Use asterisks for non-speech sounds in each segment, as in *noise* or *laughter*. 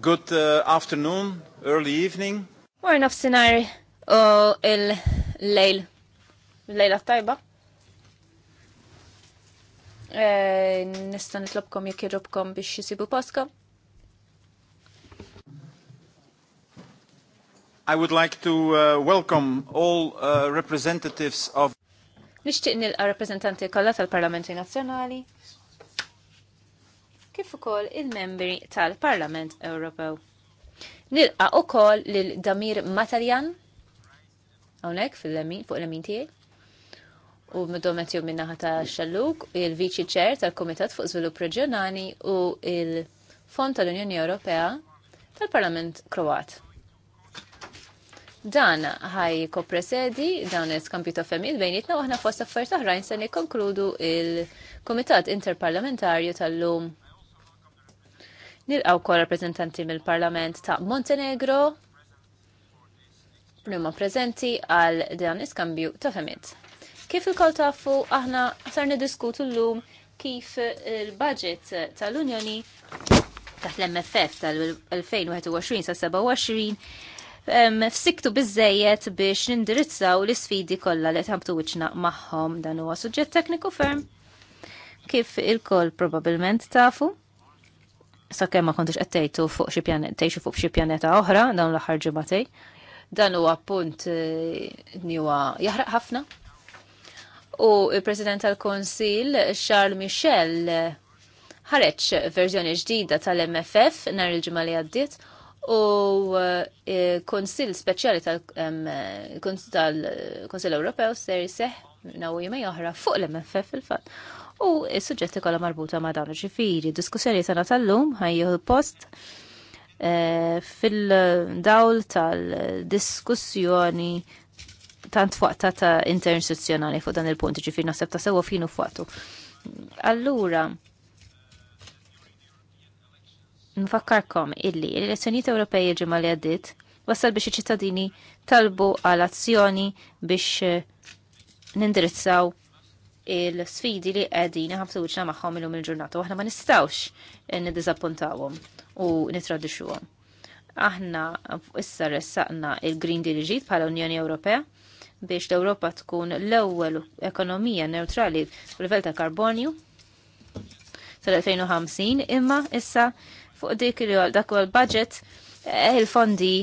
Good uh, afternoon, early evening. War sinari u il-lejl. Lejla tajba. Eh, nista nitlobkom jek jirrobkom biex jisibu paska. I would like to uh, welcome all uh, representatives of Nixtieq nilqa rappreżentanti kollha tal-Parlamenti Nazzjonali, kif ukoll il-membri tal-Parlament Ewropew. Nilqa ukoll lil Damir Mataljan hawnhekk fil-lemin fuq l-lemin tiegħi u midomet jom minnaħa ta' Xalluk, il-Viċi Ċer tal-Komitat fuq Żvilupp Reġjonali u il-Fond tal-Unjoni Ewropea tal-Parlament Kroat. Dan ħaj kopresedi dawn il-skampju ta' femmin bejnietna u aħna fost affarijiet oħrajn se nikkonkludu il-Komitat Interparlamentarju tal-lum Nilqaw kol rappresentanti mill-Parlament ta' Montenegro l prezenti għal dan iskambju ta' femit. Kif il-kol tafu, aħna sar diskutu l-lum kif il-budget tal-Unjoni taħt l-MFF tal-2021 sa' 27 f'siktu bizzejiet biex nindirizzaw l-sfidi kollha li tħabtu wiċċna magħhom dan huwa suġġett tekniku ferm. Kif il-koll probabbilment tafu sakemm ma kontix qed fuq xie pjaneta tgħixu fuq xi pjaneta oħra dawn l-aħħar ġimgħatej. Dan huwa punt njua eh, jaħraq ħafna. U il-President tal-Konsil Charles Michel ħareċ verżjoni ġdida tal-MFF nhar il-ġimgħa li għaddiet u eh, konsil speċjali tal-Konsil eh, Ewropew ser jseħ nawima joħra fuq l-MFF il-fatt u s-suġġetti kollha marbuta ma' dawn ġifieri. Diskussjoni tagħna tal-lum l post e, fil-dawl tal-diskussjoni tant fuqta ta' interinstituzzjonali fuq dan il-punt ġifieri naħseb ta' sewa finu fuqtu. Allura, nfakkarkom illi l-elezzjonijiet Ewropej il-ġimgħa li għaddiet wassal biex iċ-ċittadini talbu għal azzjoni biex nindirizzaw il-sfidi li qegħdin uċna maħħom magħhom lum il-ġurnata u aħna ma nistgħux dizappuntawum u nitradixxuhom. Aħna issa ressaqna il-Green Deal ġit bħala Unjoni Ewropea biex l-Ewropa tkun l-ewwel ekonomija neutrali fil ta' karbonju sal-2050 imma issa fuq dik dak l budget eh, il-fondi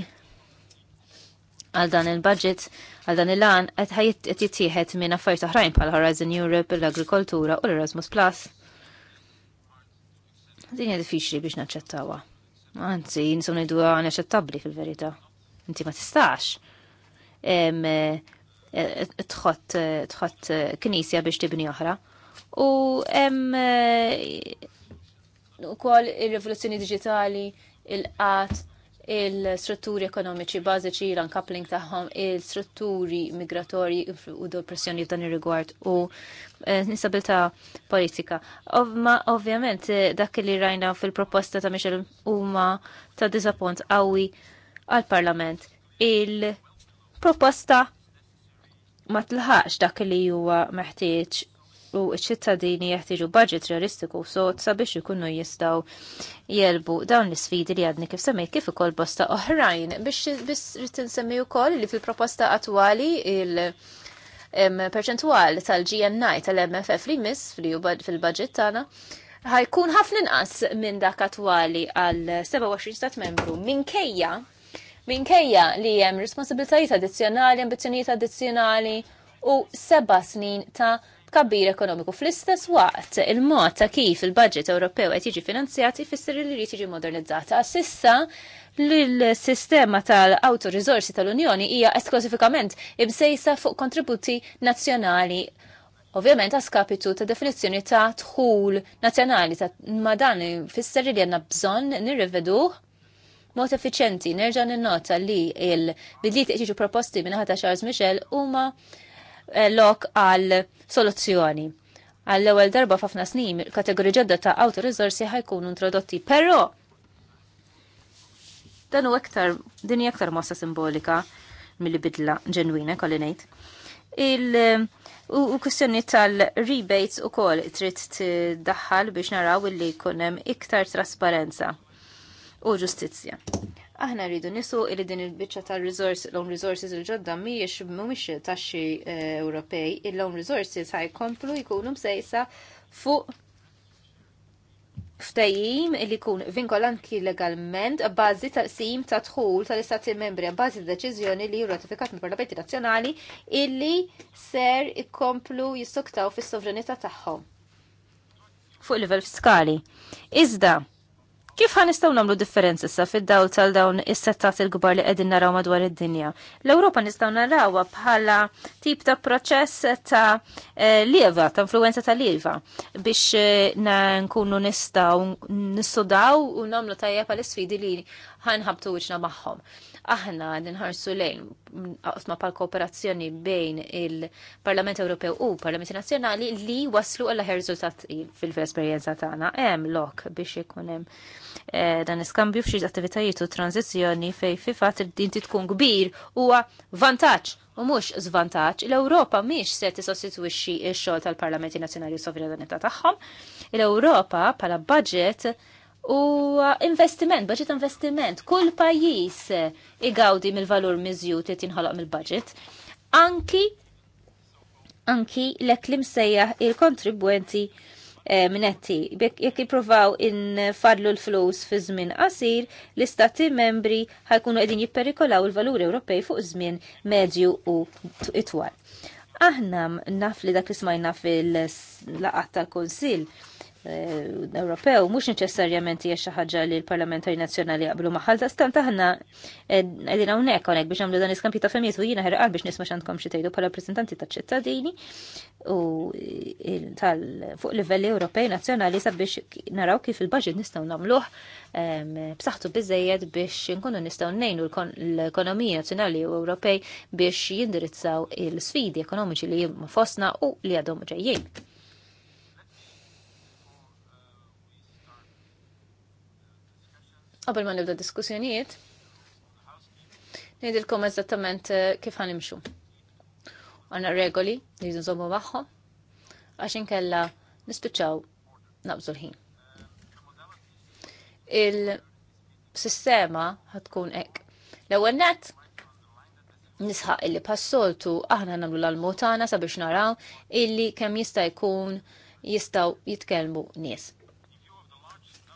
għal dan il-budget, għal dan il-lan, għed jittieħed minn affarijiet oħrajn bħal Horizon Europe, l-agrikoltura u l-Erasmus Plus. Din hija diffiċli biex naċċettawha. Anzi, nisom ngħidu naċċettabbli fil-verità. Inti ma tistax. Eh, eh, tħott knisja biex tibni oħra. U hemm eh, ukoll ir-rivoluzzjoni diġitali, il qat il-strutturi ekonomiċi bażiċi l-uncoupling tagħhom il-strutturi migratorji u d pressjoni dan ir-rigward u eh, nisabilta politika. Ma ovvjament eh, dak li rajna fil-proposta ta' Michel huma ta' diżappunt qawwi għall parlament Il-proposta ma tlħax dak li huwa meħtieġ u ċ-ċittadini jeħtieġu budget realistiku u sot sabiex ikunu jistgħu jelbu dawn l-isfidi li għadni kif semmejt kif ukoll bosta oħrajn biex biss rrid insemmi wkoll li fil-proposta attwali il- perċentwal tal-GNI tal-MFF li miss fil-budget tagħna ħajkun ħafna inqas minn dak attwali għal 27 stat membru minkejja minkejja li hemm responsabilitajiet addizzjonali, ambizzjonijiet addizzjonali u seba' snin ta' Kabbir ekonomiku. Fl-istess waqt, il-mod ta' kif il-budget Ewropew qed jiġi finanzjat ifisser li jrid jiġi modernizzata. Sissa l-sistema tal-auto risorsi tal-Unjoni hija esklusifikament imsejsa fuq kontributi nazzjonali Ovvjament għaskapitu ta' definizzjoni ta' tħul nazzjonali ta' ma dan fisser li għanna bżon nirriveduh mod effiċenti nerġa' ninnota li il-bidliet iġiġu proposti minn ħata Charles Michel huma Eh, lok għal soluzzjoni. Għall-ewwel darba f'ħafna snin kategori ġodda ta' auto resorsi ħajkunu introdotti, però dan u aktar din hija aktar mossa simbolika milli bidla ġenwina kolli ngħid. Il eh, u kwestjoni tal-rebates u kol trid tiddaħħal biex naraw illi jkun hemm iktar trasparenza u ġustizzja. Aħna rridu nisu li din il-biċċa tal l-own resources il-ġodda mhijiex mhumiex taxxi eh, Ewropej, il own resources ħaj komplu jkunu msejsa fuq ftajim li kun vinkolanti legalment bazi ta' sim ta' tħul tal-istati membri bazi ta' deċizjoni li ratifikat mill parlamenti nazzjonali illi ser ikomplu jistuktaw fis sovranità tagħhom fuq livell fiskali. Iżda, Kif għan nistgħu nagħmlu differenza sa fid-dawl tal-dawn is-settat il-kbar li qegħdin naraw madwar id-dinja? L-Ewropa nistgħu narawha bħala tip ta' proċess ta' eh, lieva, ta' influenza ta' lieva biex eh, nkunu nistgħu nissodaw u nagħmlu tajjeb l isfidi li ħanħabtu wiċna magħhom aħna ninħarsu lejn mm, qosma pal kooperazzjoni bejn il-Parlament Ewropew u Parlamenti Nazzjonali li waslu għall ħer riżultat fil-esperjenza tagħna hemm lok biex ikun hemm Eh, dan iskambju f'xi attivitajiet u tranzizzjoni fej fi fatt din tkun kbir huwa vantaġġ u mhux żvantaġġ. L-Ewropa mhix se tissostitwixxi x-xogħol tal-Parlamenti Nazzjonali u sovranità tagħhom. L-Ewropa bħala budget u investiment, budget investiment. Kull pajjiż igawdi mill-valur miżjut li tinħoloq mill-budget. Anki anki l-eklim sejjaħ il-kontribwenti Eh, minetti. Jekk in fadlu l-flus fi żmien qasir, l-istati membri ħajkunu qegħdin jipperikolaw il-valuri Ewropej fuq żmien medju u itwal. Aħna naf li dak li smajna fil-laqat tal-Konsil Eh, Ewropew mhux neċessarjament hija xi ħaġa li l-parlamentari nazzjonali jaqblu maħal ta' stant aħna qegħdin hawnhekk hawnhekk biex nagħmlu dan iskampi ta' femmiż u jiena ħerqal biex nisma' x'għandkom xi tgħidu bħala rappreżentanti taċ-ċittadini u tal fuq livelli Ewropej nazzjonali sabiex naraw kif il-baġit nistgħu nagħmluh b'saħħtu biżejjed biex nkunu nistgħu ngħinu l-ekonomija nazzjonali u Ewropej biex jindirizzaw il-sfidi ekonomiċi li jimma fostna u li għadhom ġejjin. Qabel ma nibda diskussjonijiet, ngħidilkom eżattament eh, kif ħanimxu. Għanna regoli li nżommu magħhom għax inkella nispiċċaw naqbżu l-ħin. Il-sistema ħatkun hekk. L-ewwel nett nisħaq illi passoltu aħna nagħmlu l-almutana sabiex naraw illi kemm jista' jkun jistgħu jitkellmu nies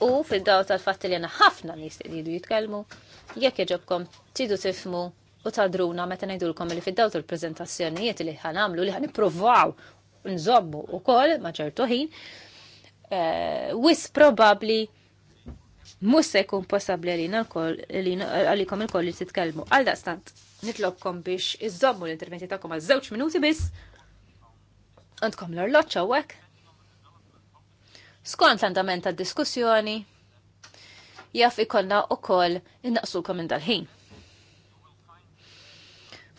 U fil-daw tal fat li għana ħafna nis li jidu jitkelmu, jekk jġobkom tidu tifmu u tadruna meta ngħidulkom li fil daw tal-prezentazzjonijiet li ħanamlu li ħaniprovaw nżommu u kol maġertu ħin, eh, wis probabli musse se jkun possibbli għalikom il kol li titkellmu. Għal daqstant, nitlobkom biex iżommu l-interventi tagħkom koma żewġ minuti biss. Għandkom l-orloċċa hawnhekk Skont l-andament tad diskussjoni jaf ikollna u kol innaqsukom minn dal-ħin.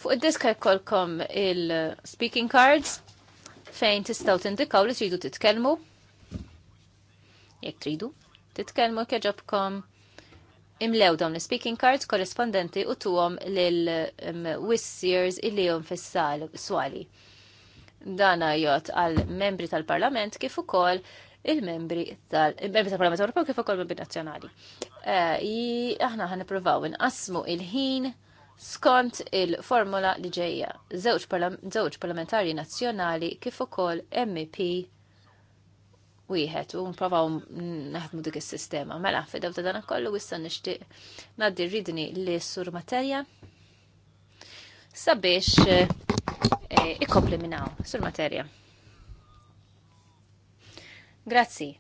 Fuq id disk jkollkom il-speaking cards fejn tistaw tindikaw li tridu titkellmu. Jekk tridu, titkellmu kieġobkom imlew dawn l-speaking cards korrespondenti u tuwom l wissiers illi jom fissal swali. Dana jot għal membri tal-parlament kif ukoll il-membri tal-membri tal-Parlament Ewropew kif ukoll membri nazzjonali. Eh, aħna ħan nippruvaw inqasmu il-ħin skont il-formula li ġejja żewġ parlamentari nazzjonali kif ukoll MEP wieħed u nprovaw naħdmu dik is-sistema. Mela, fidew ta' dan kollu issa nixtieq ngħaddi rridni li sur materja sabiex eh, ikkompli minnaw sur materja. Grazzi.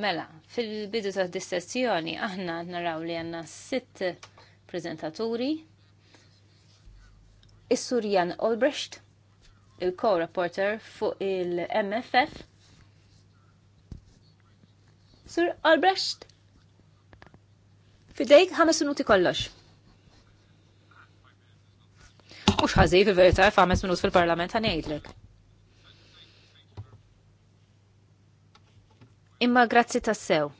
Mela, fil-bidu ta' distessjoni aħna naraw li għanna sitt prezentaturi. Is-Sur Jan Olbrecht, il-co-reporter fuq il-MFF. Sur Olbrecht, fidejk ħames minuti kollox. Mux ħażej fil-verità ħames minut fil-parlament ħanejdlek. Imma grazzi tassew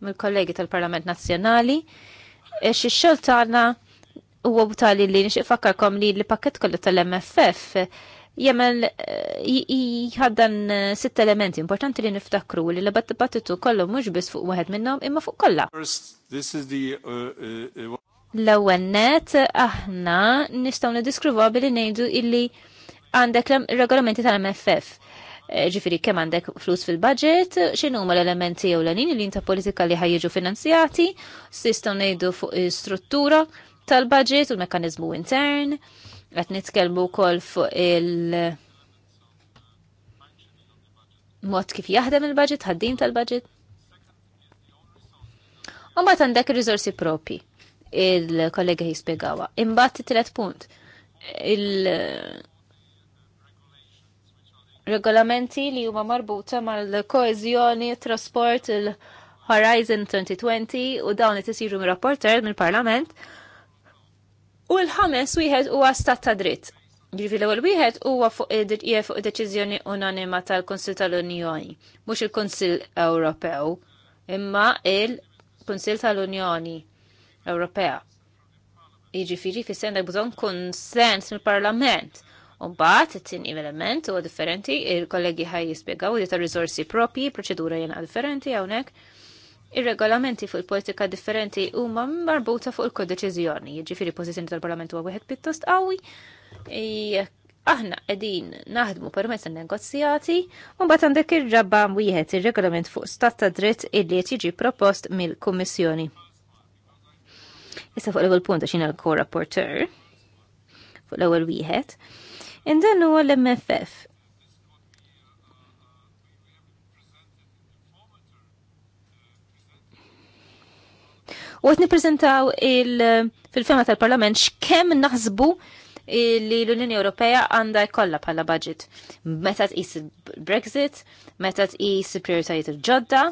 mill-kollegi tal-Parlament Nazzjonali, e xol tagħna huwa tali li ifakkarkom li l-pakket kollu tal-MFF jemel eh, jħaddan eh, sitt elementi importanti li niftakru li l battitu kollu mhux biss fuq waħed minnhom imma fuq kollha. Uh, uh, uh, L-ewwel net aħna nistgħu qabel li ngħidu illi għandek regolamenti tal-MFF Eh, ġifiri kemm għandek flus fil-budget, xinu ma l-elementi ewlenin li inta politika li ħajjiġu finanzjati, s'istgħu ngħidu fuq struttura tal-budget u l-mekkaniżmu intern, qed nitkellmu wkoll fuq il- mod kif jaħdem il-budget, ħaddim tal-budget. U għandek ir-riżorsi propi il-kollega jispiegawa. Imbagħad it tret punt il- regolamenti li huma marbuta mal-koezjoni, trasport, il-Horizon 2020 u dawn it isiru mir-rapporter mill-Parlament. U l-ħames wieħed huwa stat ta' dritt. Ġifi l-ewwel wieħed huwa fuq fuq deċiżjoni unanima tal-Kunsil tal-Unjoni, mhux il-Kunsil Ewropew, imma il-Kunsil tal-Unjoni Ewropea. Jiġifieri fi sendek bżonn konsens mill-Parlament Umbat, it-tin element u differenti, il-kollegi ħaj jispiegaw li ta' rizorsi propi, proċedura jena differenti għawnek. Ir-regolamenti fuq il-politika differenti huma marbuta fuq il kodeċizjoni ġifiri pożizzjoni tal parlamentu għu wieħed pittost qawwi. Aħna qegħdin naħdmu permezz tan-negozjati u mbagħad għandek ir-rabba wieħed ir-regolament fuq stat ta' dritt illi qed jiġi propost mill-Kummissjoni. Issa fuq l-ewwel punt xina l-ko rapporteur fuq l-ewwel wieħed. Indan huwa l-MFF. U għet niprezentaw fil-fema tal-parlament x'kemm naħsbu li l-Unjoni Ewropea għandha jkollha bħala budget. Meta tqis il-Brexit, meta tqis il-prijoritajiet il-ġodda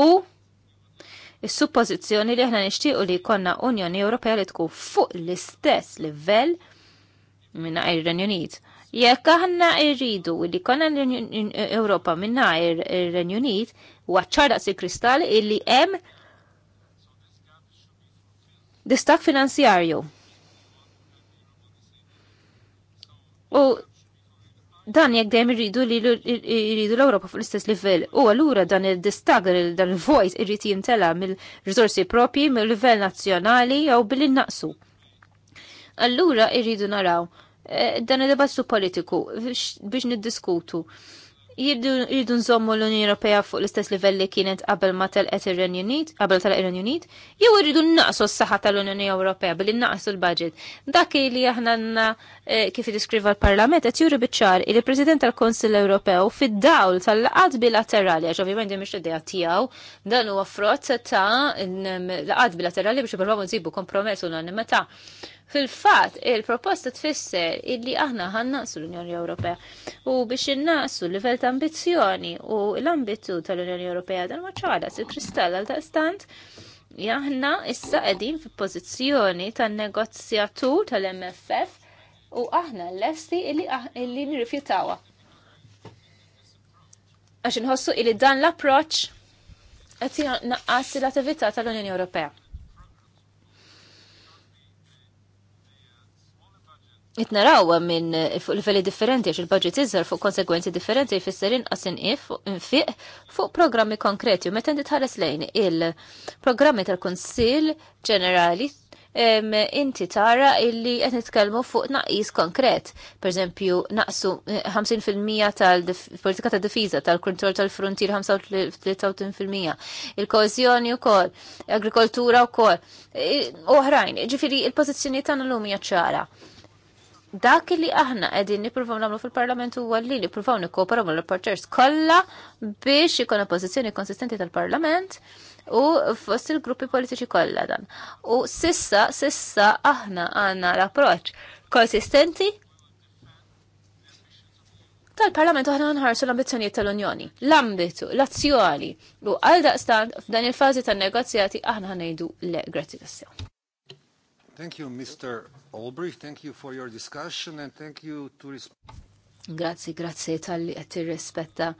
u il suppożizzjoni li aħna nixtiequ li jkollna Unjoni Ewropea li tkun fuq l-istess livell minna ir-Renjunit. Jekk aħna irridu li konna l-Ewropa minna ir-Renjunit, waċċar daqs il-kristall illi hemm distak finanzjarju. U dan jekk dejjem irridu li jridu l-Ewropa fuq l-istess livell. U allura dan il distak dan il-voice irrid jintela mill-riżorsi propji mill-livell nazzjonali jew billi naqsu allura irridu naraw eh, dan id-debattu politiku biex niddiskutu. Jirridu nżommu l-Unjoni Ewropea fuq l-istess livell li kienet qabel ma telqet ir-Renju Unit, qabel tal renju Unit, jew irridu naqsu s-saħħa tal-Unjoni Ewropea billi naqsu l-budget. Dak li aħna eh, kif idiskriva l-Parlament qed juri biċċar il president tal konsil Ewropew fid-dawl tal-laqat bilaterali għax ovvjament hemm id-dejja tiegħu dan huwa frott ta' laqat bilaterali biex ippruvaw nsibu kompromess unanimità Fil-fat, il-proposta tfisser illi aħna ħannaqsu l-Unjoni Ewropea u biex innaqsu l-livell ta' ambizjoni u l-ambitu tal-Unjoni Ewropea dan maċċala si kristall għal stant jaħna issa qegħdin fi pożizzjoni tan-negozjatur tal-MFF u aħna l-lesti illi nirrifjutawa għax hossu li dan l-approċ qed naqqas l-attività tal-Unjoni Ewropea. Itnaraw minn eh, fuq livelli differenti għax il-budget iżżar fuq konsekwenzi differenti jfisser inqas if infiq fuq programmi konkreti u meta titħares lejn il-programmi tal-Kunsill Ġenerali inti tara illi qed nitkellmu fuq naqis konkret. Pereżempju naqsu 50% eh, tal-politika ta' difiża tal kontroll tal-frontier 35%. Il-kożjoni wkoll, agrikoltura wkoll, eh, oħrajn. Ġifieri il-pożizzjoni tagħna lumija ċara dak li aħna qegħdin nippruvaw nagħmlu fil-Parlament huwa li nippruvaw nikkooperaw mal-rapporters kollha biex ikun pożizzjoni konsistenti tal-Parlament u fost il-gruppi politiċi kollha dan. U sissa, sissa aħna għandna l-approċċ konsistenti tal-Parlament aħna nħarsu l-ambizzjonijiet tal-Unjoni, l-ambitu, l-azzjoni u għal daqstant f'dan il-fażi tan-negozjati aħna ħanejdu le grazzi tassew. Thank you, Mr. Olbrich. Thank you for your discussion and thank you to Grazzi, grazzi tal-li għetti rispetta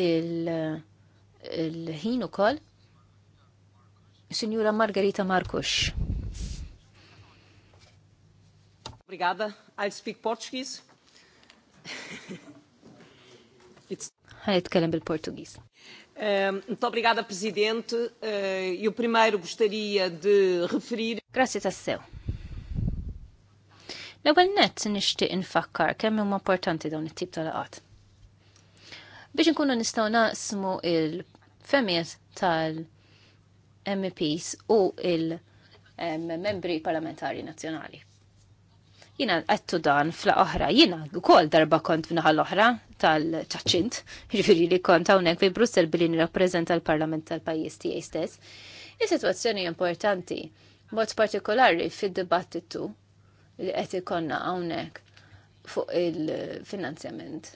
il-ħin il u koll. Signora Margarita Markus. Obrigada. I speak Portuguese. *laughs* Ħanitkellem bil-Portugiż. Eh, muito obrigada, Presidente. Eh, eu primeiro gostaria de referir. Grazie seu. L-ewwel nett nixtieq infakkar kemm huma importanti dawn it-tip tal-laqat. Biex inkunu nistgħu naqsmu il-femijiet tal mps u il-membri parlamentari nazzjonali. Jina għattu dan fl oħra, jina kol darba kont f'naħa l-oħra tal-ċaċint, *laughs* ġifiri li kont hawnhekk fi Brussel billi nirrappreżenta l-Parlament tal-pajjiż tiegħi stess. Is-sitwazzjoni importanti, mod partikolari fid-dibattitu li qed ikonna hawnhekk fuq il-finanzjament.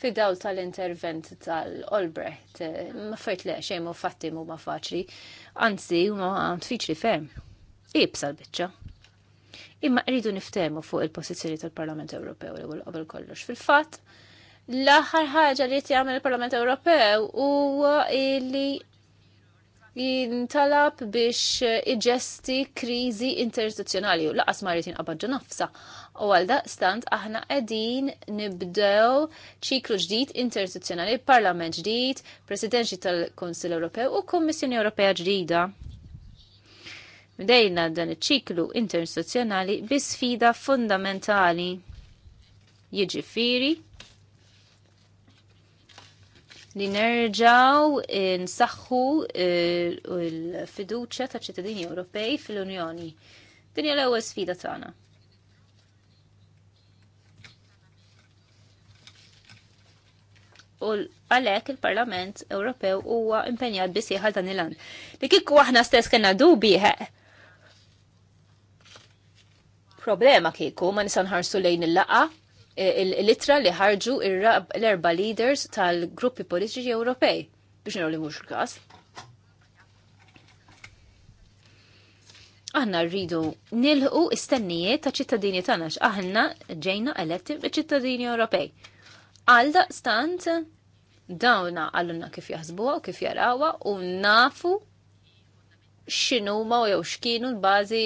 Fi daw tal-intervent tal-Olbrecht, ma fejt le xejn mu fatti mu ma faċli, anzi huma fiċli ferm. Ibsa l-biċċa imma rridu niftemu fuq il-pożizzjoni tal-Parlament Ewropew l-ewwel qabel kollox. Fil-fatt, l-aħħar ħaġa li qed jagħmel il-Parlament Ewropew u li jintalab biex iġesti krizi interistituzzjonali u laqas ma rritin għabadġu nafsa. U għalda daqstant aħna qegħdin nibdew ċiklu ġdid interistituzzjonali, parlament ġdid, presidenċi tal-Kunsill Ewropew u Kummissjoni Ewropea ġdida. Bdejna dan iċ-ċiklu internazzjonali bi sfida fundamentali. Jiġifieri li nerġaw nsaħħu eh, l-fiduċja ta' ċittadini Ewropej fil-Unjoni. Din hija l-ewwel sfida tagħna. u għalek il-Parlament Ewropew huwa impenjat bisieħal dan il għan Li kikku aħna stess kena dubi problema kieku ma nisa nħarsu lejn il-laqa eh, il-litra li ħarġu l-erba leaders tal-gruppi politiċi Ewropej biex naraw li mhux il-każ. aħna rridu nilħu istennijiet ta' ċittadini tagħna aħna ġejna eletti ċittadini Ewropej. Għal daqstant dawna għallunna kif jaħsbuha u kif jarawha u nafu xinu ma jew xkienu l-bazi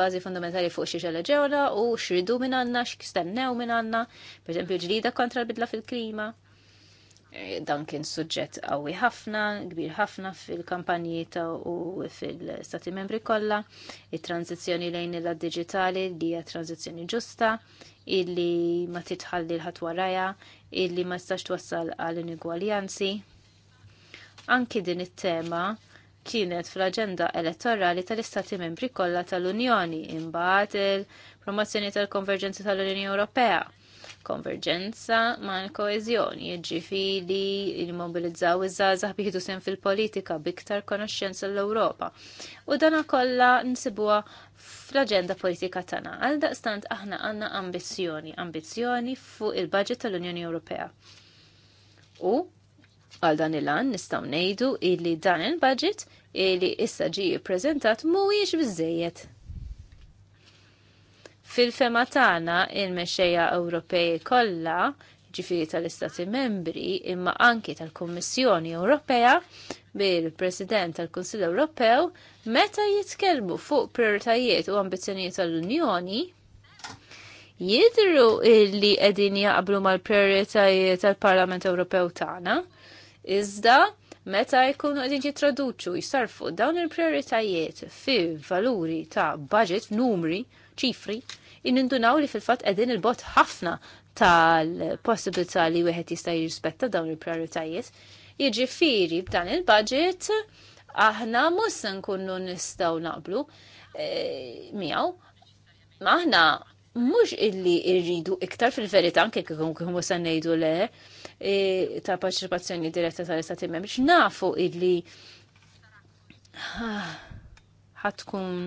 bazi fundamentali fuq xi ġewla u xridu minn għandna, x'kistennew minn għandna, pereżempju ġlida kontra l-bidla fil-klima. Eh, dan kien suġġett qawwi ħafna, kbir ħafna fil-kampanji ta' u fil-Stati membri kollha, it-tranzizzjoni lejn il digitali li hija tranzizzjoni ġusta, illi ma titħalli l-ħat waraja, illi ma tistax twassal għal inigwaljanzi. Anki din it-tema kienet fl-aġenda elettorali tal-Istati membri kollha tal-Unjoni imbagħad il-promozzjoni tal-konverġenza tal-Unjoni Ewropea. Konverġenza ma' koeżjoni, ġifili, immobilizzaw iż-żgħażagħ bieħdu sen fil-politika biktar konoxxenza l-Ewropa. U dan kollha nsibuha fl-aġenda politika tagħna. Għal daqstant aħna għandna ambizzjoni, ambizzjoni fuq il-budget tal-Unjoni Ewropea. U Għal dan il-għan nistaw nejdu illi dan il-budget illi issa ġi prezentat mhuwiex biżejjed. Fil-fema tagħna il-mexxejja Ewropej kollha ġifiri tal-Istati membri imma anki tal-Kommissjoni Ewropea bil-President tal-Kunsill Ewropew meta jitkellmu fuq prioritajiet u ambizzjonijiet tal-Unjoni jidru li qegħdin jaqblu mal-prioritajiet tal-Parlament Ewropew tagħna Iżda meta jkunu għedin jitraduċu jisarfu dawn il-prioritajiet fi valuri ta' budget, numri, ċifri, inindunaw li fil-fatt qegħdin il-bot ħafna tal-possibilità li wieħed jista' jirrispetta dawn il-prioritajiet. Jiġifieri b'dan il-budget aħna mhux se nkunu nistgħu naqblu eh, miegħu. Ma aħna mhux illi rridu iktar fil-verità anke kikun kikun se ngħidu le e, ta' parċipazzjoni diretta tal-istati membri nafu illi ah, ħatkun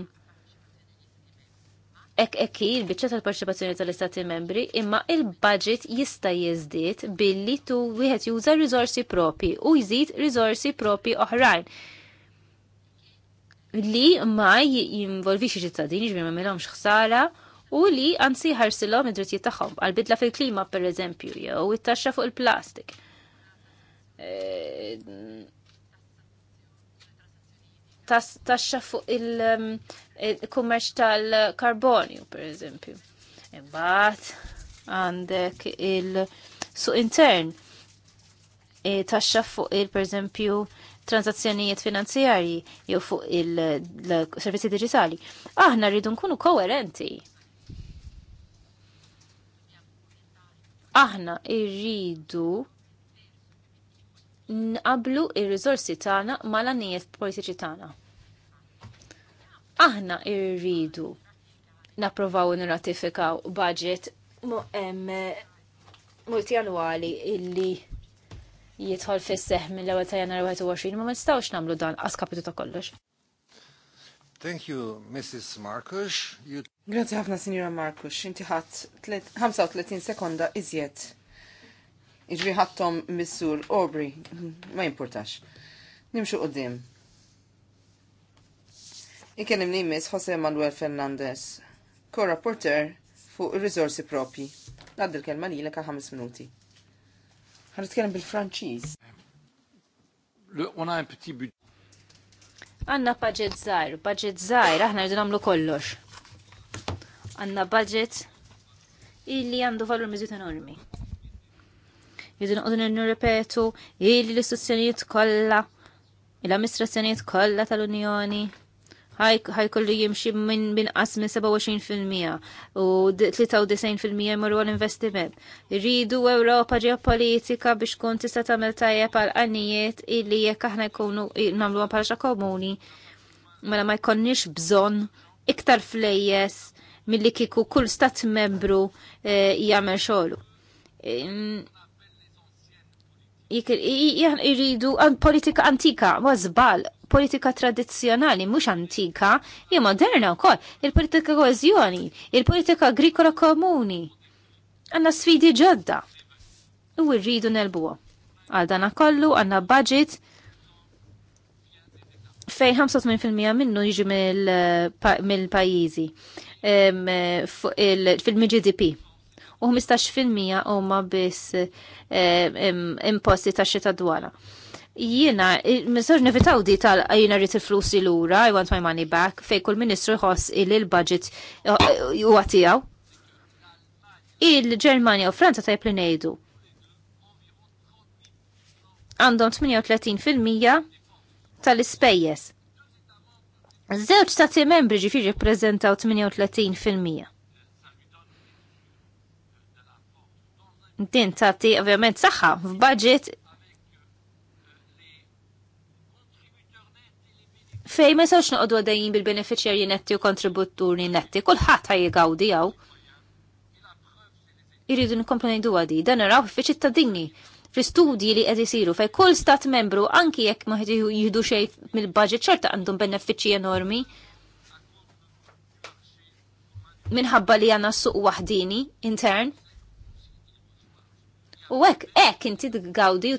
ek ekki il-bicċa tal-parċipazzjoni tal-Istati membri imma il-budget jista jizdit billi tu wieħed juża rizorsi propi u jżid rizorsi propi oħrajn li ma jinvolvix iċ-ċittadini ġbir ma milhomx ħsara u li għansi ħarsilhom id-drittijiet tagħhom għal-bidla fil-klima pereżempju jew it-taxxa fuq il-plastik. E, taxxa fuq mm, il-kummerċ tal-karbonju pereżempju. Imbagħad għandek il-suq intern e, taxxa fuq il pereżempju transazzjonijiet finanzjarji jew fuq il-servizzi digitali. Aħna rridu nkunu koerenti Aħna irridu nqablu ir-riżorsi tagħna mal-għanijiet politiċi tagħna. Aħna irridu napprovaw nirratifikaw budget multianwali illi jidħol fis-seħ mill-ewwel ta' jannar 21 ma nistgħux nagħmlu dan għas kapitu ta' kollox. Thank you, Mrs. Markus. You... Grazie ħafna, Signora Markus. Inti ħadd 35 sekonda iżjed. Iġri ħattom Missur Aubrey. Ma importax. Nimxu qoddim. Ikenim li Miss Jose Manuel Fernandez, ko-rapporter fuq ir rizorsi propi. Naddil kelma li l-ka 5 minuti. Għan bil-Franċiż. On a petit budget. Għanna budget zaħir, budget zaħir, aħna rridu namlu kollox. Għanna budget illi għandu valur mizjut enormi. Rridu nqodu ripetu illi l-istituzzjonijiet kollha, l-amministrazzjonijiet kollha tal-Unjoni ħajkollu jimxi minn min qas minn 27% u 93% jmorru għal-investiment. Rridu Ewropa ġeopolitika biex kun tista' tagħmel tajjeb għal għannijiet illi jekk aħna jkunu nagħmlu bħala komuni mela ma jkollniex bżonn iktar flejjes milli kieku kull stat membru e, jagħmel xogħlu jiridu politika antika, ma zbal, politika tradizjonali mhux antika, hija moderna wkoll, il-politika koeżjoni, il-politika agrikola komuni. Għandna sfidi ġodda. U rridu nelbuha. Għal dana kollu għandna budget fej 85% minnu jiġi mill-pajjiżi fil-GDP u 15% huma biss imposti tax-xita dwala. Jiena, mistax nifitaw di tal jiena rrit il-flus il-ura, I want my money back, fej kull ministru jħoss il-budget eh, eh, u għatijaw. Il-Germania u Franza tajb li nejdu. Għandhom 38% tal-ispejjes. Zewċ stati membri ġifiri prezentaw 38%. Din tati, ovvjament, saħħa, f'budget fej ma sawx naqdu għadajin bil-beneficjarji netti u kontributturni netti, kullħat ħaj għawdi għaw. iridu nkomplu ngħidu għadi, dan naraw fi ċittadini, fi studji li qed isiru fej kull stat membru anki jekk ma jieħdu xejn mill-budget ċerta għandhom benefiċċji enormi. Minħabba li għandna suq wahdini intern, U hekk hekk inti gawdi u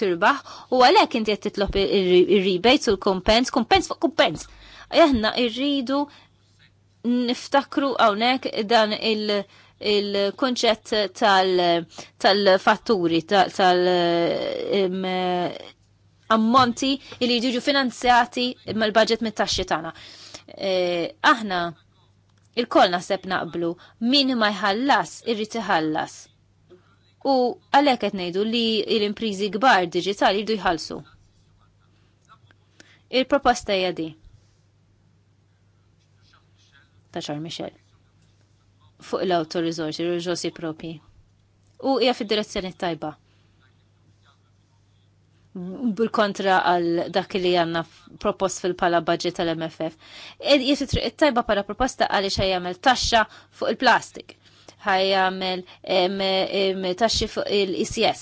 tirbaħ u għalhekk inti qed titlob ir-rebates u l-kumpens, kompens fuq kumpens. Aħna rridu niftakru hawnhekk dan il- il-konċett tal-fatturi, tal-ammonti li jiġu finanzjati mal-budget mit-taxxi tagħna. E, aħna il-koll naħseb naqblu min ma jħallas irrid iħallas u għalhekk qed ngħidu li l-imprizi kbar digitali jdu jħallsu. Il-proposta hija di. Ta' Charles Michel. Fuq l-auto risorsi, risorsi propi. U hija fid-direzzjoni tajba. Bil-kontra għal dak li għanna propost fil-pala budget tal-MFF. it tajba pala proposta għaliex jagħmel taxxa fuq il-plastik ħajjamel taxxi fuq il-ICS.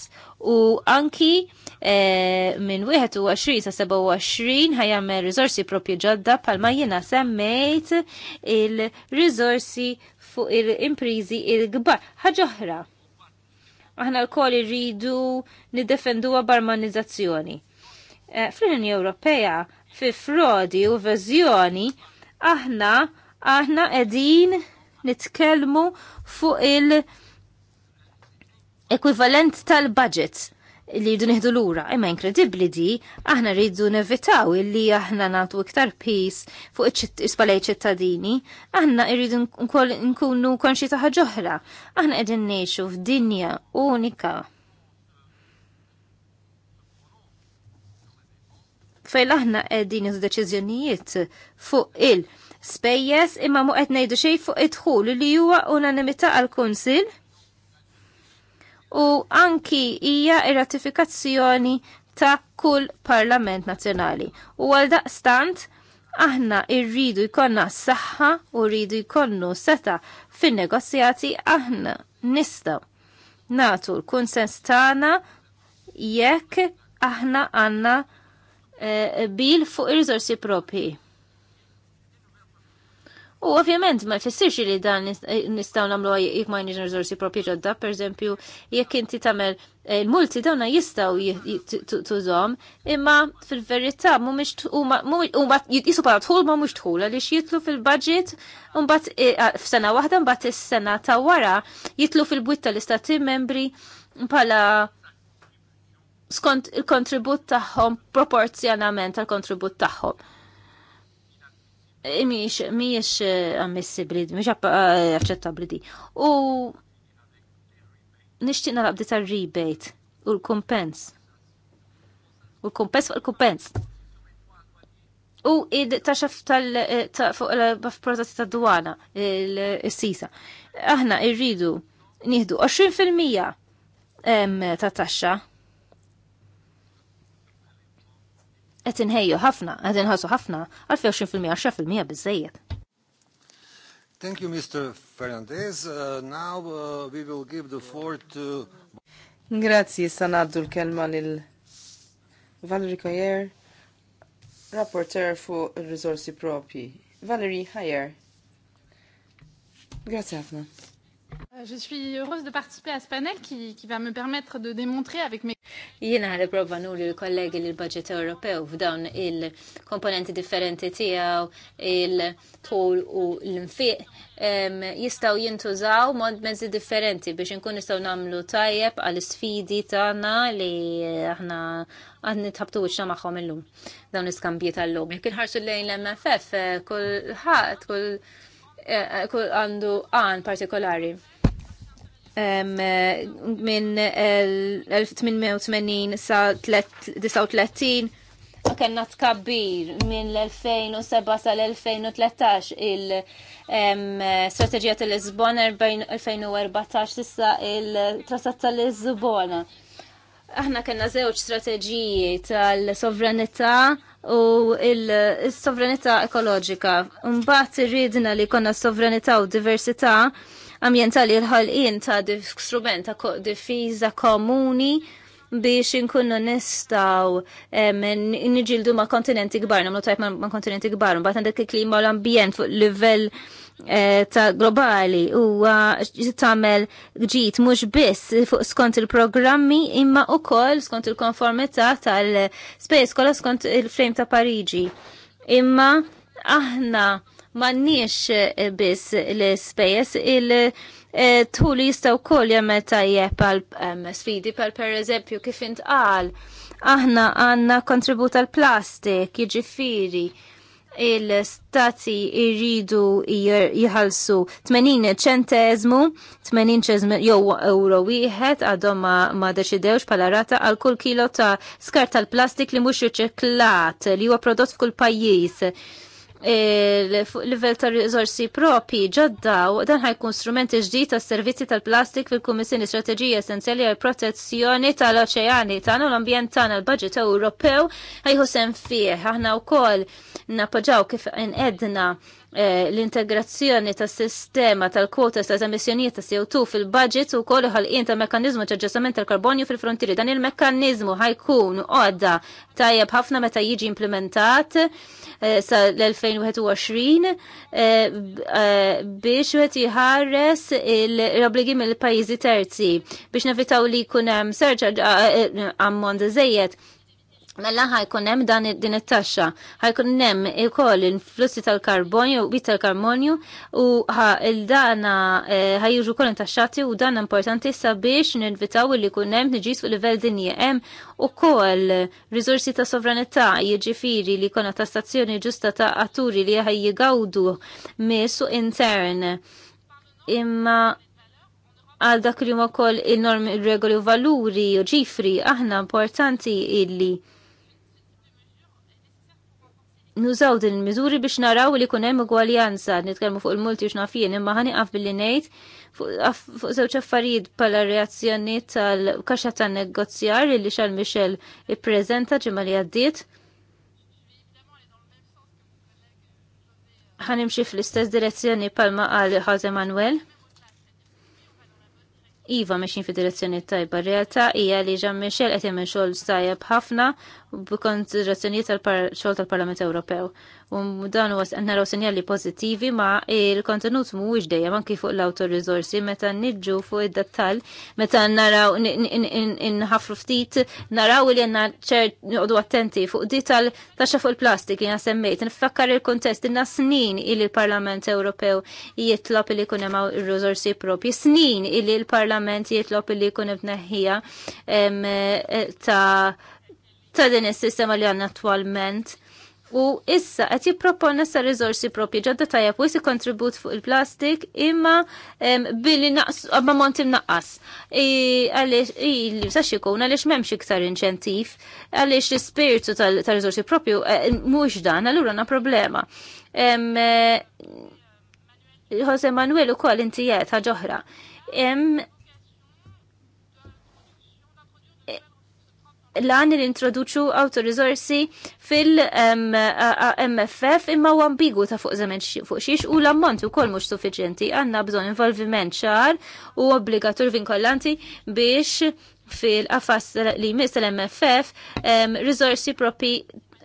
U anki eh, minn 21 sa 27 ħajjamel rizorsi propju ġodda palma jena semmejt il-rizorsi fuq il-imprizi il-gbar. ħagħoħra. Aħna l-koll irridu niddefendu barmanizzazzjoni. Eh, Fl-Unjoni Ewropea fi frodi u verżjoni aħna aħna edin nitkellmu fuq il-ekwivalent tal-budget li jridu nieħdu lura. Imma inkredibbli di, aħna rridu nevitaw illi aħna nagħtu iktar pis fuq ispalej ċittadini, aħna rridu nkunu konxi ta' ħaġoħra. Aħna qegħdin ngħixu f'dinja unika. Fejn aħna qegħdin deċiżjonijiet fuq il- spejjes imma mu qed ngħidu xejn fuq id-dħul li huwa unanimità għal kunsil u anki hija r ratifikazzjoni ta' kull Parlament Nazzjonali. U għal daqstant aħna rridu jkollna s-saħħa u rridu jkollnu seta' fin-negozjati aħna nistgħu nagħtu l-kunsens tagħna jekk aħna għandna eh, bil fuq ir-riżorsi propri U ovvjament ma jfissirx li dan eh, nistgħu nagħmlu jek ma jniex rizorsi propri ġodda, pereżempju jekk inti tagħmel il-multi eh, dawna jistgħu tużhom, imma fil-verità mhumiex huma jisu bħala tħul ma mhux tħul, għaliex jitlu fil-budget u f eh, f'sena waħda mbagħad is-sena ta' wara jitlu fil-bwitt tal-istati membri bħala skont il-kontribut tagħhom proporzjonament tal-kontribut tagħhom miex miex eh, ammissibli, miex aċċettabli eh, di. U nishtiqna l-abdi tar-rebate u l-kumpens. U l-kumpens fuq l-kumpens. U id-taxaf tal-prodotti eh, ta' dwana, il-sisa. Aħna irridu nieħdu 20% ta' taxxa qed inħejju ħafna, qed inħassu ħafna għal fil-mija bizzejiet. Thank you, Mr. Fernandez. Uh, now uh, we will give the floor to... Grazie, sanaddu l-kelma lil Valerie Coyer, rapporteur fu il resorsi propi. Valerie, ħajer. Grazie ħafna. Euh, je suis heureuse de participer à ce panel qui, qui va me permettre de démontrer avec mes... Jiena għal prova nulli l-kollegi l-budget Ewropew f'dawn il-komponenti differenti tiegħu il-tul u l-infiq jistgħu jintużaw mod mezzi differenti biex inkun nistgħu nagħmlu tajjeb għal sfidi tagħna li aħna għad nitħabtu wiċċa magħhom illum dawn l-iskambji tal-lum. Jekk inħarsu lejn l-MFF, eh, kull ħadd, kull għandu għan partikolari minn 1880 sa 39 kena tkabbir minn l-2007 sa l-2013 il-strategija tal-Lisbona 2014 sa il trasat tal-Lisbona aħna kena zewċ strategiji tal-sovranità u il-sovranità ekoloġika. Mbagħad irridna li konna sovranità u diversità ambientali l-ħolqien ta' strument ta' difiża komuni biex inkunu nistaw niġildu ma' kontinenti gbar, namlu tajt ma' kontinenti gbar, mbagħad għandek il-klima u l-ambjent fuq livell Eh, ta' globali huwa tagħmel ġit mhux biss fuq skont il-programmi imma ukoll skont il-konformità tal-space kollha skont il-frame ta' Pariġi. Imma aħna m'għandniex eh, biss l-space il- eh, Tħul jistaw kol jemmel tajjeb għal sfidi pal per eżempju kif intqal aħna għanna kontribut għal plastik, jiġifiri, il-stati irridu jħalsu 80 ċentezmu, 80 ċentezmu jew euro wieħed għadhom ma, ma deċidewx pala rata għal kull kilo ta' skar tal-plastik li mhux riċiklat li huwa prodott f'kull pajjiż level livell ta' rizorsi propi ġodda u dan ħajkun strumenti ġdid tas servizzi tal-plastik fil-Kummissjoni Strateġija Essenzjali għal Protezzjoni tal-Oċeani tagħna u l-ambjent tagħna l-Baġġet Ewropew ħajħu sem fih. Aħna wkoll nappoġġaw kif inqedna Eh, l-integrazzjoni ta' sistema tal kwota ta' emissjonijiet ta' CO2 fil-budget u kollu ħal-in ta' mekanizmu ta' ġestament tal-karbonju fil-frontieri. Dan il-mekanizmu ħajkun għadda tajjeb ħafna meta jiġi implementat eh, sa l-2021 eh, biex wieħed jħarres l obligim mill-pajjiżi terzi biex nevitaw li jkun hemm serċa ammont żejjed Mella ħajkun hemm dan din it-taxxa, ħajkun hemm ukoll il-flussi tal-karbonju, bit tal-karbonju u il-dana eh, ħajjuġu wkoll intaxxati u dan importanti sabiex nirvitaw li jkun hemm niġis fuq livell dinji hemm ukoll riżorsi ta' sovranità jiġifieri li jkollna ta' stazzjoni ġusta ta' atturi li ħajjigawdu missu intern. Imma għal dak li huma wkoll il-normi, regoli u valuri u ġifri aħna importanti illi nużaw din il-miżuri biex naraw li kunem hemm igwaljanza nitkellmu fuq il-multi x'naf jien imma ħani għaf billi ngħid fuq żewġ affarijiet bħala reazzjoni tal-kaxxa tan-negozjar li xal Michel ippreżenta ġimgħa li għaddiet. ħanimxi fl-istess direzzjoni palma qal Jose Manuel. Iva meċin fi direzzjoni tajba. Realtà hija li ġan Michel qed jagħmel xogħol stajjeb ħafna b'konsiderazzjonijiet tal-xogħol tal-Parlament Ewropew. U dan huwa naraw sinjali pożittivi ma il-kontenut mhuwiex dejjem anki fuq l-awtoriżorsi meta niġġu fuq id-dettall, meta naraw inħafru ftit naraw li għandna ċert noqogħdu attenti fuq di tal-taxxa fuq il-plastik jiena semmejt. Nifakkar il-kuntest inna snin il il-Parlament Ewropew jitlob li jkun hemm ir-riżorsi propji, snin il il-Parlament jitlob li jkun hemm ta' ta' din is-sistema li għandna attwalment. U issa qed jipproponna sa riżorsi propri ġodda tajjeb u kontribut fuq il-plastik imma billi naqs ma monti mnaqqas. Għaliex sax ikun għaliex m'hemmx iktar inċentiv, għaliex l-ispirtu ta' riżorsi propri eh, mhux dan, allura na problema. Eh, Jose Manuel u koll inti jgħet ħagħoħra. lan li introduċu autorizorsi fil-MFF imma u ambigu ta' fuq zemen fuq xiex u l-ammont u kol mux suffiċenti għanna bżon involviment ċar u obbligatur vinkollanti biex fil affas li mis l mff rizorsi propi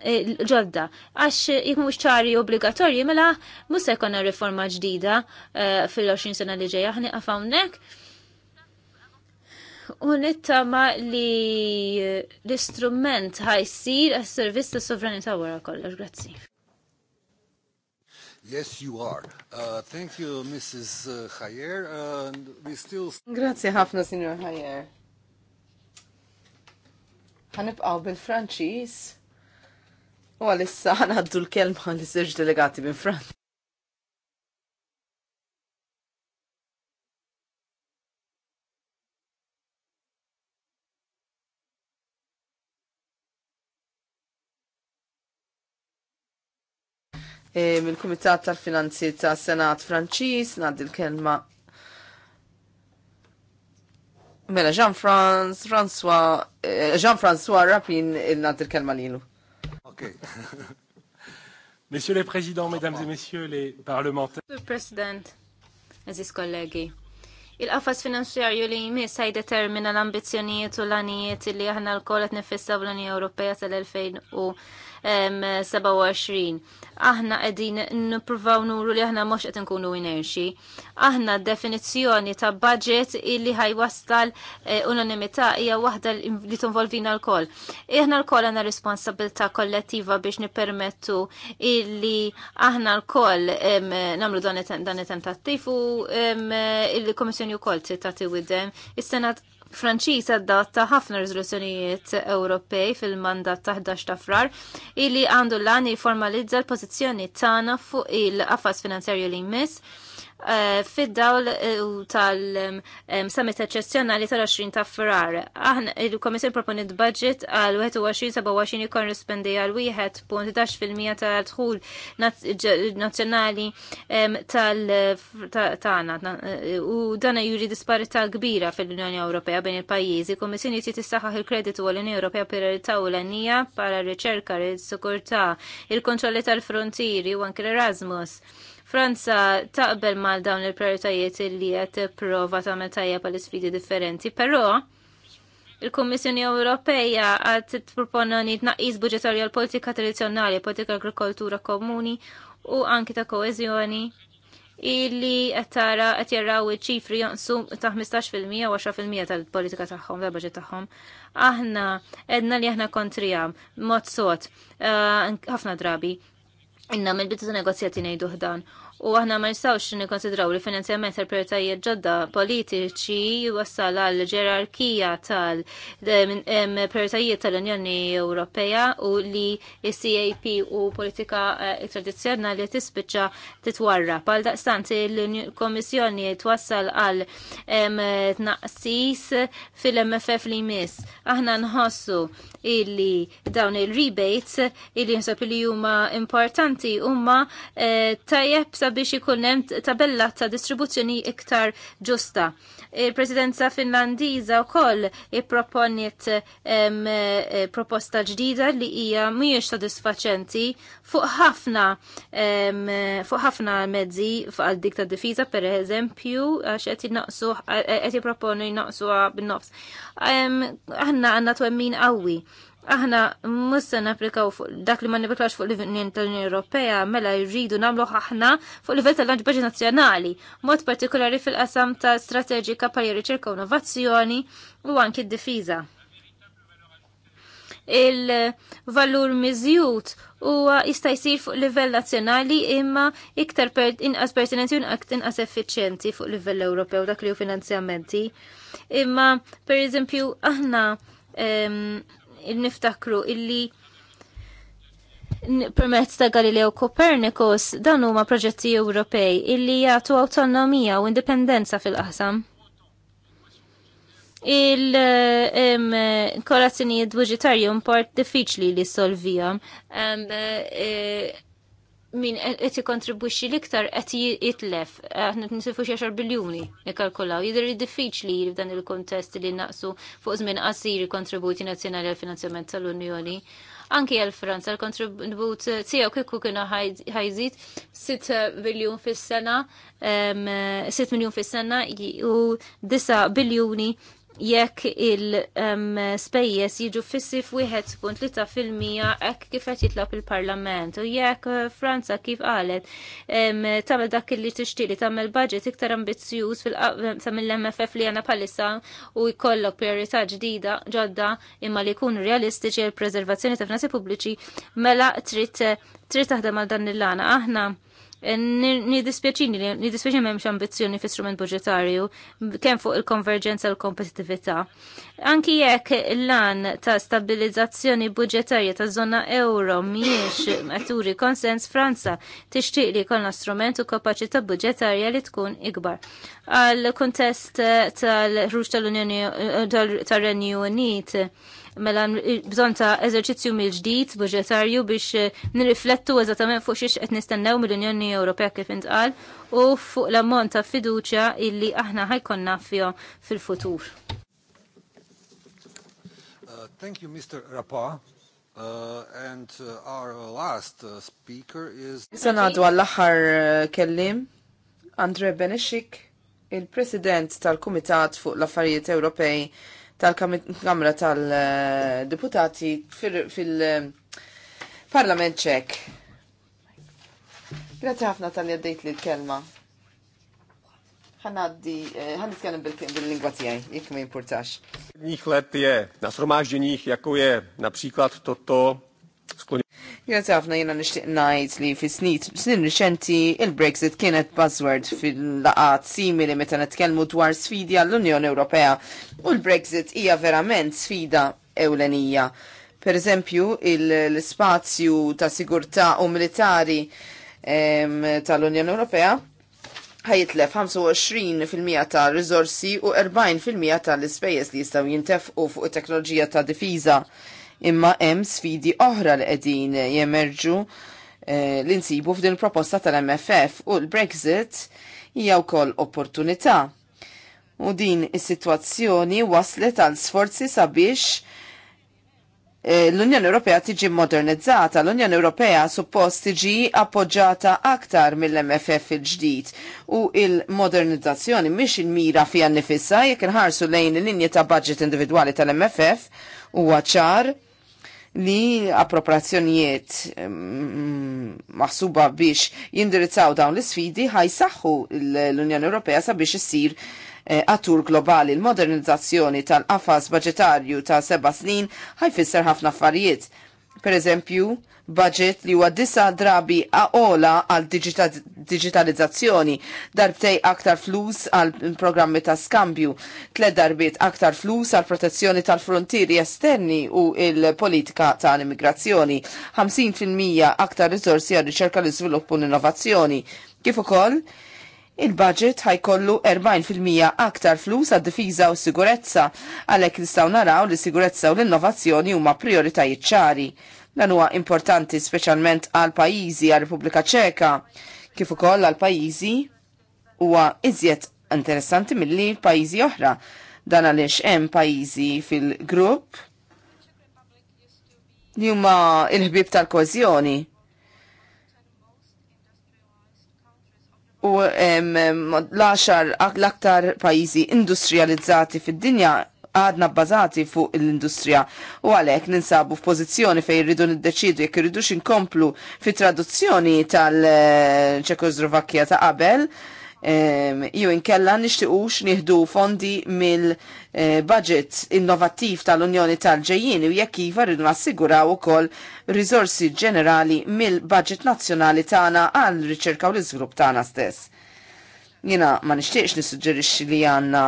eh, ġodda. Għax jikmu ċari obbligatorji mela musa jkonna riforma ġdida eh, fil-20 sena li ġeja ħni għafawnek u nittama li l-istrument ħajsir għas servizz ta' sovranità wara kollox. Grazzi. Yes, you are. Uh, thank you, Mrs. Hayer. Uh, uh we still... Grazie ħafna, Signor Hayer. Ħanibqaw bil-Franċis. U għalissa ħanaddu l-kelma li sirġ delegati minn Franza. e, mill-Kumitat tal-Finanzi tas Senat Franċiż ngħaddi l-kelma Mela Jean françois e, François, Jean François Rapin il-ngħaddi l-kelma lilu. Ok. *laughs* Messieurs les Présidents, Mesdames et Messieurs les parlementaires. Monsieur le Président, Aziz kollegi, il-qafas finanzjarju li jmiss ħaj determina l-ambizjonijiet u l-anijiet li aħna l-kolet nifissa bl-Unija Ewropea tal-2000 u 27. Aħna qegħdin nippruvaw nuru li aħna mhux qed kunu inerxi. Aħna definizzjoni ta' budget illi wastal e, unanimita hija waħda li tinvolvina l-koll. E, aħna l-koll għandna responsabilità kollettiva biex nippermettu illi aħna l-koll nagħmlu dan it-tentattiv u e, il-Komissjoni wkoll tagħti widem. Is-Senat Franċiż ta' ħafna riżoluzzjonijiet Ewropej fil-mandat ta' 11 ta' frar illi għandu l-għan formalizza l-pożizzjoni tagħna fuq il-qafas finanzjarju li jmiss Eh, fid-dawl eh, tal-summit eccezjonali tal-20 ta' Ferrar. Aħna il-Komissjoni proponit budget għal 21-27 jikorrespondi għal 1.11% tal-dħul nazzjonali tal-tana. Eh, u dan juri disparità kbira fil-Unjoni Ewropea bejn il-pajjiżi. Komissjoni ti tistaħħaħ il-kreditu għal-Unjoni Ewropea priorità taw l annija para r-riċerka, il-sikurtà, il-kontrolli tal-frontieri u anke l-Erasmus Franza taqbel mal dawn il-prioritajiet li qed prova tagħmel tajja pal sfidi differenti, però il-Kommissjoni Ewropeja għad t-proponani tnaqqis budġetarja l-politika tradizjonali, politika agrikoltura komuni u anki ta' koezjoni illi qed tara qed jaraw iċ-ċifri jonqsu ta' 15% u 10% tal-politika tagħhom, tal-budget tagħhom. Aħna edna li aħna kontrija mod sod eh, ħafna drabi Inna mill-bidu ta' negozjati ngħidu ħdan U aħna ma jistawx nikkonsidraw li finanzjament tal prioritajiet ġodda politiċi wassal għal ġerarkija tal-prioritajiet tal-Unjoni Ewropea u li CAP u politika eh, tradizjonali tispiċċa titwarra. Pal daqstant il-Komissjoni twassal għal tnaqsis fil-MFF li mis. Aħna nħossu illi dawn il-rebates illi nsob li huma importanti huma eh, tajjeb biex ikun hemm tabella ta' distribuzzjoni iktar ġusta. Il-Presidenza Finlandiża wkoll ipproponiet eh, proposta ġdida li hija mhijiex sodisfaċenti fuq ħafna fuq ħafna mezzi fuq dik ta' difiża pereżempju għax qed jinnaqsu eh, qed jipproponu jinaqsuha bin-nofs. Aħna għandna twemmin qawwi aħna mussa napplikaw fuq dak li ma nibiklax fuq l-Unjoni Ewropea mela jridu nagħmlu aħna fuq livell tal-lanġ nazzjonali, mod partikolari fil-qasam ta' strateġika pari riċerka u innovazzjoni u anki d-difiża il-valur miżjut u jista' jsir fuq livell nazzjonali imma iktar inqas pertinenti u inqas effiċjenti fuq livell Ewropew dak li hu finanzjamenti. Imma pereżempju aħna il-niftakru illi permezz ta' Galileo Copernicus dan huma proġetti Ewropej illi jagħtu awtonomija u indipendenza fil-qasam. Il-korazzjonijiet budġetarju import diffiċli li solvijam. Um, uh, eh, min qed ikontribwixxi l-iktar qed jitlef, aħna nisifu xi għaxar biljuni nikkalkulaw. Jidher diffiċli f'dan il-kuntest li naqsu fuq żmien qasir il-kontributi nazzjonali għall finanzjament tal-Unjoni. Anki għal Franza l-kontribut tiegħu kieku kienu ħajżit 6 biljun fis-sena, 6 miljun fis-sena u 9 biljuni jekk il-spejjes jiġu fissi f'wieħed punt li ta' fil-mija hekk kif qed jitlob il-Parlament u jekk eh, Franza kif qalet tagħmel dak li tixtieli li tagħmel budget iktar ambizzjuż fil eh, sa mill-MFF li għandna bħalissa u jkollok priorità ġdida ġodda imma li jkunu realistiċi l-preservazzjoni ta' finanzi pubbliċi mela trid eh, trid taħdem għal dan il-lana aħna Nidispjaċini li memx m'hemmx ambizzjoni fi strument budġetarju kemm fuq il-konverġenza l kompetitività Anki jekk l-lan ta' stabilizzazzjoni budgetarja ta' zona euro miex maturi konsens Franza tixtieq li jkollna strument u kapaċità budġetarja li tkun ikbar. Għal kontest tal-ħruġ tal-Unjoni tal-Renju Unit mela bżon ta' eżerċizzju mill-ġdid budġetarju biex eh, nirriflettu eżattament fuq xiex qed nistennew mill-Unjoni Ewropea kif intqal u fuq l-ammont ta' fiduċja illi aħna ħajkonna fija fil-futur. Uh, thank you, Mr. Rapa. Uh, and uh, our last uh, speaker is... Sanadu għall-axar uh, kellim, Andre Beneshik, il-President tal-Kumitat fuq l-Affarijiet Ewropej tal-Kamra tal-Deputati fil-Parlament ċek. Grazie ħafna tal-li għaddejt li l-kelma. Ħanaddi, eh, ħan nitkellem bil-lingwa tiegħi, jekk ma jimpurtax. Nich let je, na sromażdżi nich, jako je, na przykład to to, Grazie ħafna jena nishtiq najt li fi snin riċenti il-Brexit kienet buzzword fil-laqat simili meta netkelmu dwar sfidi għall-Unjoni Ewropea u l-Brexit hija verament sfida ewlenija. Per eżempju, l-spazju ta' sigurtà u militari tal-Unjoni Ewropea ħajitlef 25% ta' rizorsi u 40% tal-ispejjeż li jistgħu jintefqu fuq it-teknoloġija ta' difiża imma hemm sfidi oħra li qegħdin jemerġu eh, li nsibu f'din il-proposta tal-MFF u l-Brexit hija wkoll opportunità. U din is-sitwazzjoni waslet għal sforzi sabiex eh, l-Unjoni Ewropea tiġi modernizzata, l-Unjoni Ewropea suppost tiġi appoġġata aktar mill-MFF il-ġdid u il-modernizzazzjoni mhix il-mira fija nifissa jekk inħarsu lejn il-linji ta' budget individwali tal-MFF huwa ċar li appropriazzjonijiet mm, mm, maħsuba biex jindirizzaw dawn l-sfidi ħajsaħħu l-Unjoni Ewropea sabiex issir għatur eh, globali l-modernizzazzjoni tal-qafas budgetarju ta' seba snin ħajfisser ħafna affarijiet per eżempju, budget li huwa disa drabi aqola għal digitalizzazzjoni, darbtej aktar flus għal programmi ta' skambju, tled darbiet aktar flus għal protezzjoni tal-frontieri esterni u il-politika tal-immigrazzjoni, 50% aktar risorsi għal riċerka l-iżvilupp u l-innovazzjoni. Kif ukoll, il-budget ħajkollu 40% aktar flus għad difiża u sigurezza, għalhekk nistgħu naraw li sigurezza u l-innovazzjoni huma prioritajiet ċari. Dan huwa importanti speċjalment għal pajjiżi għal Repubblika Ċeka, kif ukoll għal pajjiżi huwa iżjed interessanti milli pajjiżi oħra. Dan għaliex hemm pajjiżi fil-grupp li huma il ħbieb tal kożjoni u l axar l-aktar pajizi industrializzati fid-dinja għadna bbażati fuq l-industrija u għalhekk ninsabu f'pożizzjoni fejn irridu niddeċidu jekk irridux inkomplu fit traduzzjoni tal-Ċekoslovakkja eh, ta' qabel jew inkella nixtiequx nieħdu fondi mill-budget innovattiv tal-Unjoni tal-ġejjin u jekk iva rridu nassiguraw ukoll riżorsi ġenerali mill-budget nazzjonali tagħna għal riċerka u l-iżvilupp tagħna stess. Jiena ma nixtieqx nissuġġerixxi li għandna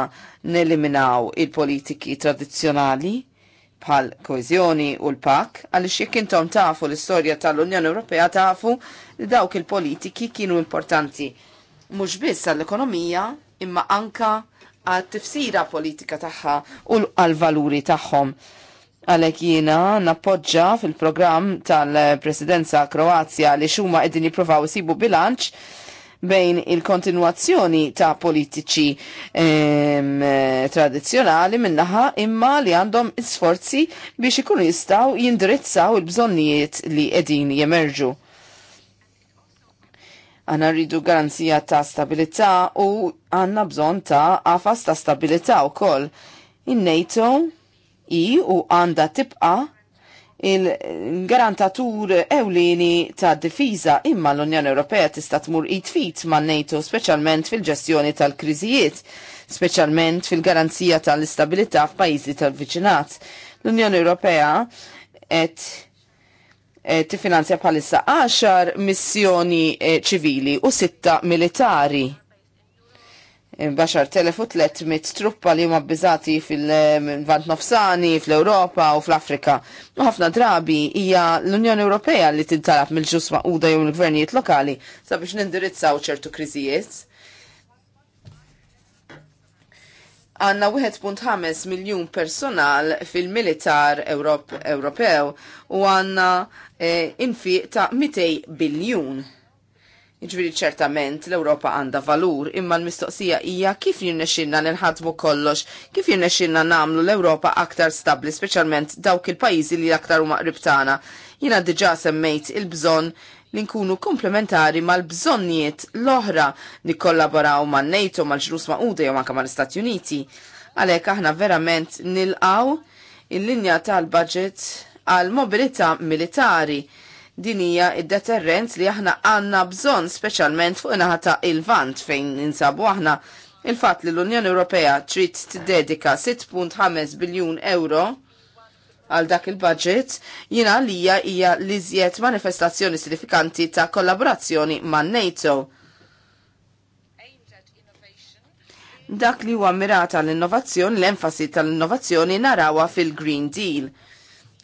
neliminaw il-politiki tradizzjonali bħal koezjoni u l-pak, għaliex jekk intom tafu l-istorja tal-Unjoni Ewropea tafu li dawk il-politiki kienu importanti mhux biss għall-ekonomija imma anka għat-tifsira politika tagħha u għal-valuri tagħhom. Għalek jina nappoġġa fil-programm tal-presidenza Kroazja li xuma edin jiprofaw sibu bilanċ bejn il-kontinuazzjoni ta' politiċi tradizjonali minnaħa imma li għandhom sforzi biex ikunu jistaw jindirizzaw il-bżonnijiet li edin jemerġu. Għanna rridu garanzija ta' stabilità u għanna bżon ta' għafas ta' stabilità u koll. In-NATO i u għanda tibqa il-garantatur ewlieni ta' difiża imma l-Unjoni Ewropea tista' tmur it-fit ma' NATO speċjalment fil-ġestjoni tal-kriżijiet, speċjalment fil-garanzija tal-istabilità f'pajjiżi tal-viċinat. L-Unjoni Ewropea qed Eh, tifinanzja palissa 10 missjoni eh, ċivili u 6 militari. Eh, Baxar telefu 300 truppa li huma bbiżati fil-Vant Nofsani, fl-Ewropa u fl-Afrika. U ħafna drabi hija l-Unjoni Ewropea li tintalab mill-ġus maquda jew il-gvernijiet lokali sabiex nindirizzaw ċertu kriżijiet. għanna 1.5 miljon personal fil-militar Ewropew u għanna eh, infiq ta' 200 biljun. Iġviri ċertament l-Europa għanda valur, imma l-mistoqsija hija kif jirnexxinna nilħadmu kollox, kif jirnexinna namlu l-Europa aktar stabli, speċjalment dawk il-pajjiżi li aktar huma qrib tagħna. Jiena semmejt il-bżonn li nkunu komplementari mal-bżonniet l-oħra li kollaboraw ma' NATO, mal-ġlus ma' UDE, jew kamar mal-Istati Uniti. Għalhekk aħna verament nil-għaw il-linja tal-budget għal mobilità militari. Din hija id-deterrent li aħna għandna bżonn speċjalment fuq inaħa ta' il-vant fejn ninsabu aħna il-fatt li l-Unjoni Ewropea trid t-dedika 6.5 biljun euro għal dak il-budget, jina li hija li zjed manifestazzjoni sinifikanti ta' kollaborazzjoni ma' NATO. Dak li huwa mirata l-innovazzjoni, l-enfasi tal-innovazzjoni narawa fil-Green Deal.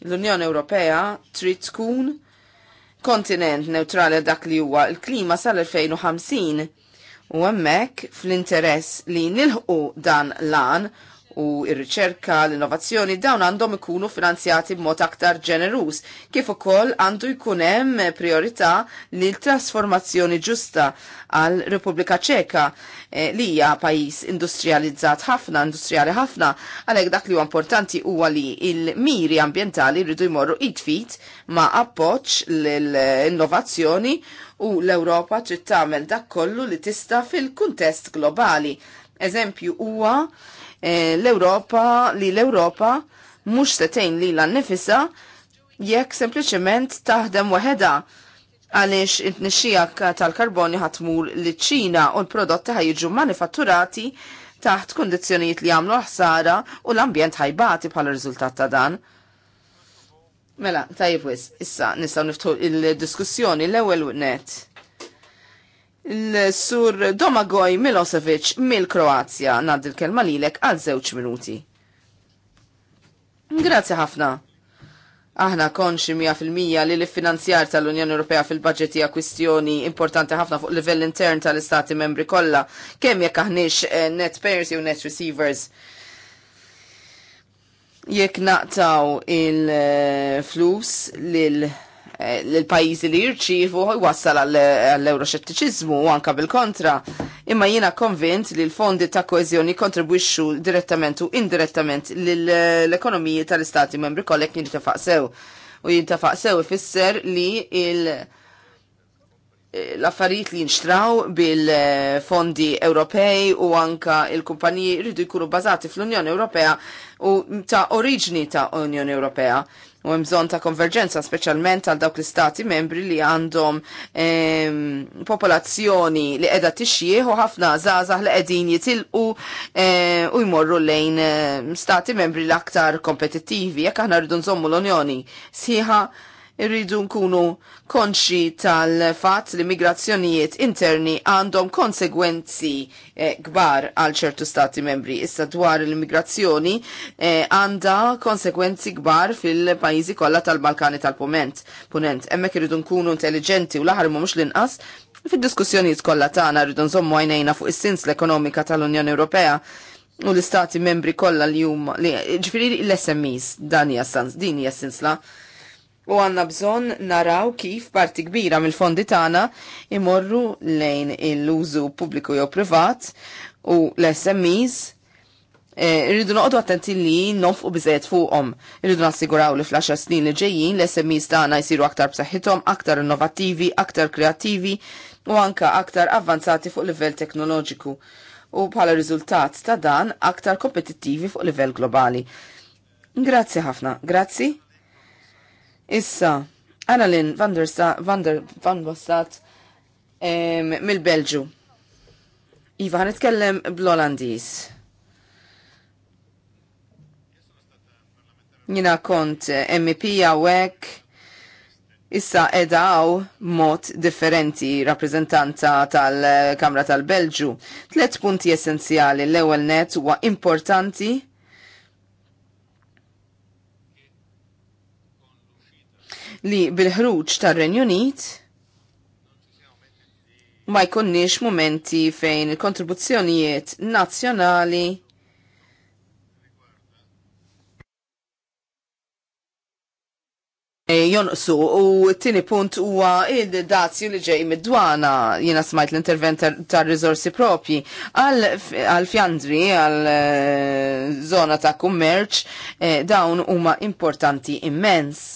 L-Unjoni Ewropea trid tkun kontinent neutrali dak li huwa l klima sal-2050 u hemmhekk fl-interess li nilħu dan lan u ir-riċerka, l-innovazzjoni dawn għandhom ikunu finanzjati b'mod aktar ġeneruż, kif ukoll għandu jkun hemm priorità lil trasformazzjoni ġusta għal Repubblika Ċeka eh, li hija pajjiż industrializzat ħafna, industrijali ħafna, għalhekk dak li huwa importanti huwa li il-miri ambjentali rridu jmorru it-fit ma' appoġġ l-innovazzjoni u l-Ewropa trid tagħmel dak kollu li tista' fil-kuntest globali. Eżempju huwa Eh, l-Europa li l-Europa mhux se li l-annifisa jekk sempliċement taħdem waħedha għaliex it-nixxija tal karboni ħatmur li ċina u l-prodotti ħajġu manifatturati taħt kondizjoniet li għamlu ħsara u l-ambjent ħajbati bħala riżultat ta' dan. Mela, tajib wis, issa nistaw niftu il-diskussjoni l-ewel net l-sur Domagoj Milosevic mill-Kroazja nad il-kelma lilek għal żewġ minuti. Grazzi ħafna. Aħna konxi 100% li l-finanzjar tal-Unjoni Ewropea fil-budget hija kwistjoni importanti ħafna fuq livell intern tal-istati membri kollha, kemm jekk aħniex eh, net payers jew net receivers jekk naqtaw il-flus eh, lil Eh, l pajjiżi li jirċivu jwassal għall-euroxettiċizmu u anka bil-kontra. Imma jiena konvint li l-fondi ta' koezjoni kontribwixxu direttament u indirettament l-ekonomiji tal-istati membri kollek jintafaq sew. U jintafaq sew ifisser li il- l-affarijiet li nxtraw bil-fondi Ewropej u anka il-kumpaniji rridu jkunu bazati fl-Unjoni Ewropea u ta' oriġni ta' Unjoni Ewropea u hemm bżonn ta' konverġenza speċjalment għal dawk l-istati membri li għandhom ehm, popolazzjoni li qiegħda t u ħafna żgħażagħ li qegħdin jitilqu eh, u jmorru lejn eh, stati membri l-aktar kompetittivi jekk aħna rridu nżommu l-Unjoni Siħa irridu nkunu konxi tal-fat li migrazzjonijiet interni għandhom konsegwenzi kbar eh, għal ċertu stati membri. Issa dwar l-immigrazzjoni eh, għanda konsegwenzi kbar fil-pajizi kollha tal-Balkani tal pument Punent, emmek irridu nkunu intelligenti u laħar mhux l-inqas fid-diskussjonijiet kollha tagħna rridu nżommu għajnejna fuq is-sins l-ekonomika tal-Unjoni Ewropea u l-istati membri kollha li huma ġifieri l-SMEs dan hija sens din hija sinsla u għanna bżon naraw kif parti kbira mill-fondi tagħna imorru lejn il-użu pubbliku jew privat u l-SMEs eh, irridu noqdu attenti li nofqu biżejt fuqhom. Irridu nassiguraw li fl għaxar snin li ġejjin l-SMEs tagħna jsiru aktar b'saħħithom, aktar innovattivi, aktar kreattivi u anka aktar avvanzati fuq livell teknoloġiku u bħala riżultat ta' dan aktar kompetittivi fuq livell globali. Grazzi ħafna, grazzi Issa, Annalyn van der, Sa van der van Bossat eh, mill-Belġu. Iva, itkellem bl-Olandis. Jina kont eh, MP għawek, issa edaw mod differenti rappresentanta tal-Kamra tal-Belġu. Tlet punti essenzjali l-ewel net huwa importanti li bil-ħruġ tar-Renju Unit ma jkunniex momenti fejn il-kontribuzzjonijiet nazzjonali e, jonqsu u t-tini punt huwa il dazju li ġej mid-dwana jiena smajt l-intervent tar rizorsi propji għal fjandri għal e, zona ta' kummerċ e, dawn huma importanti immens.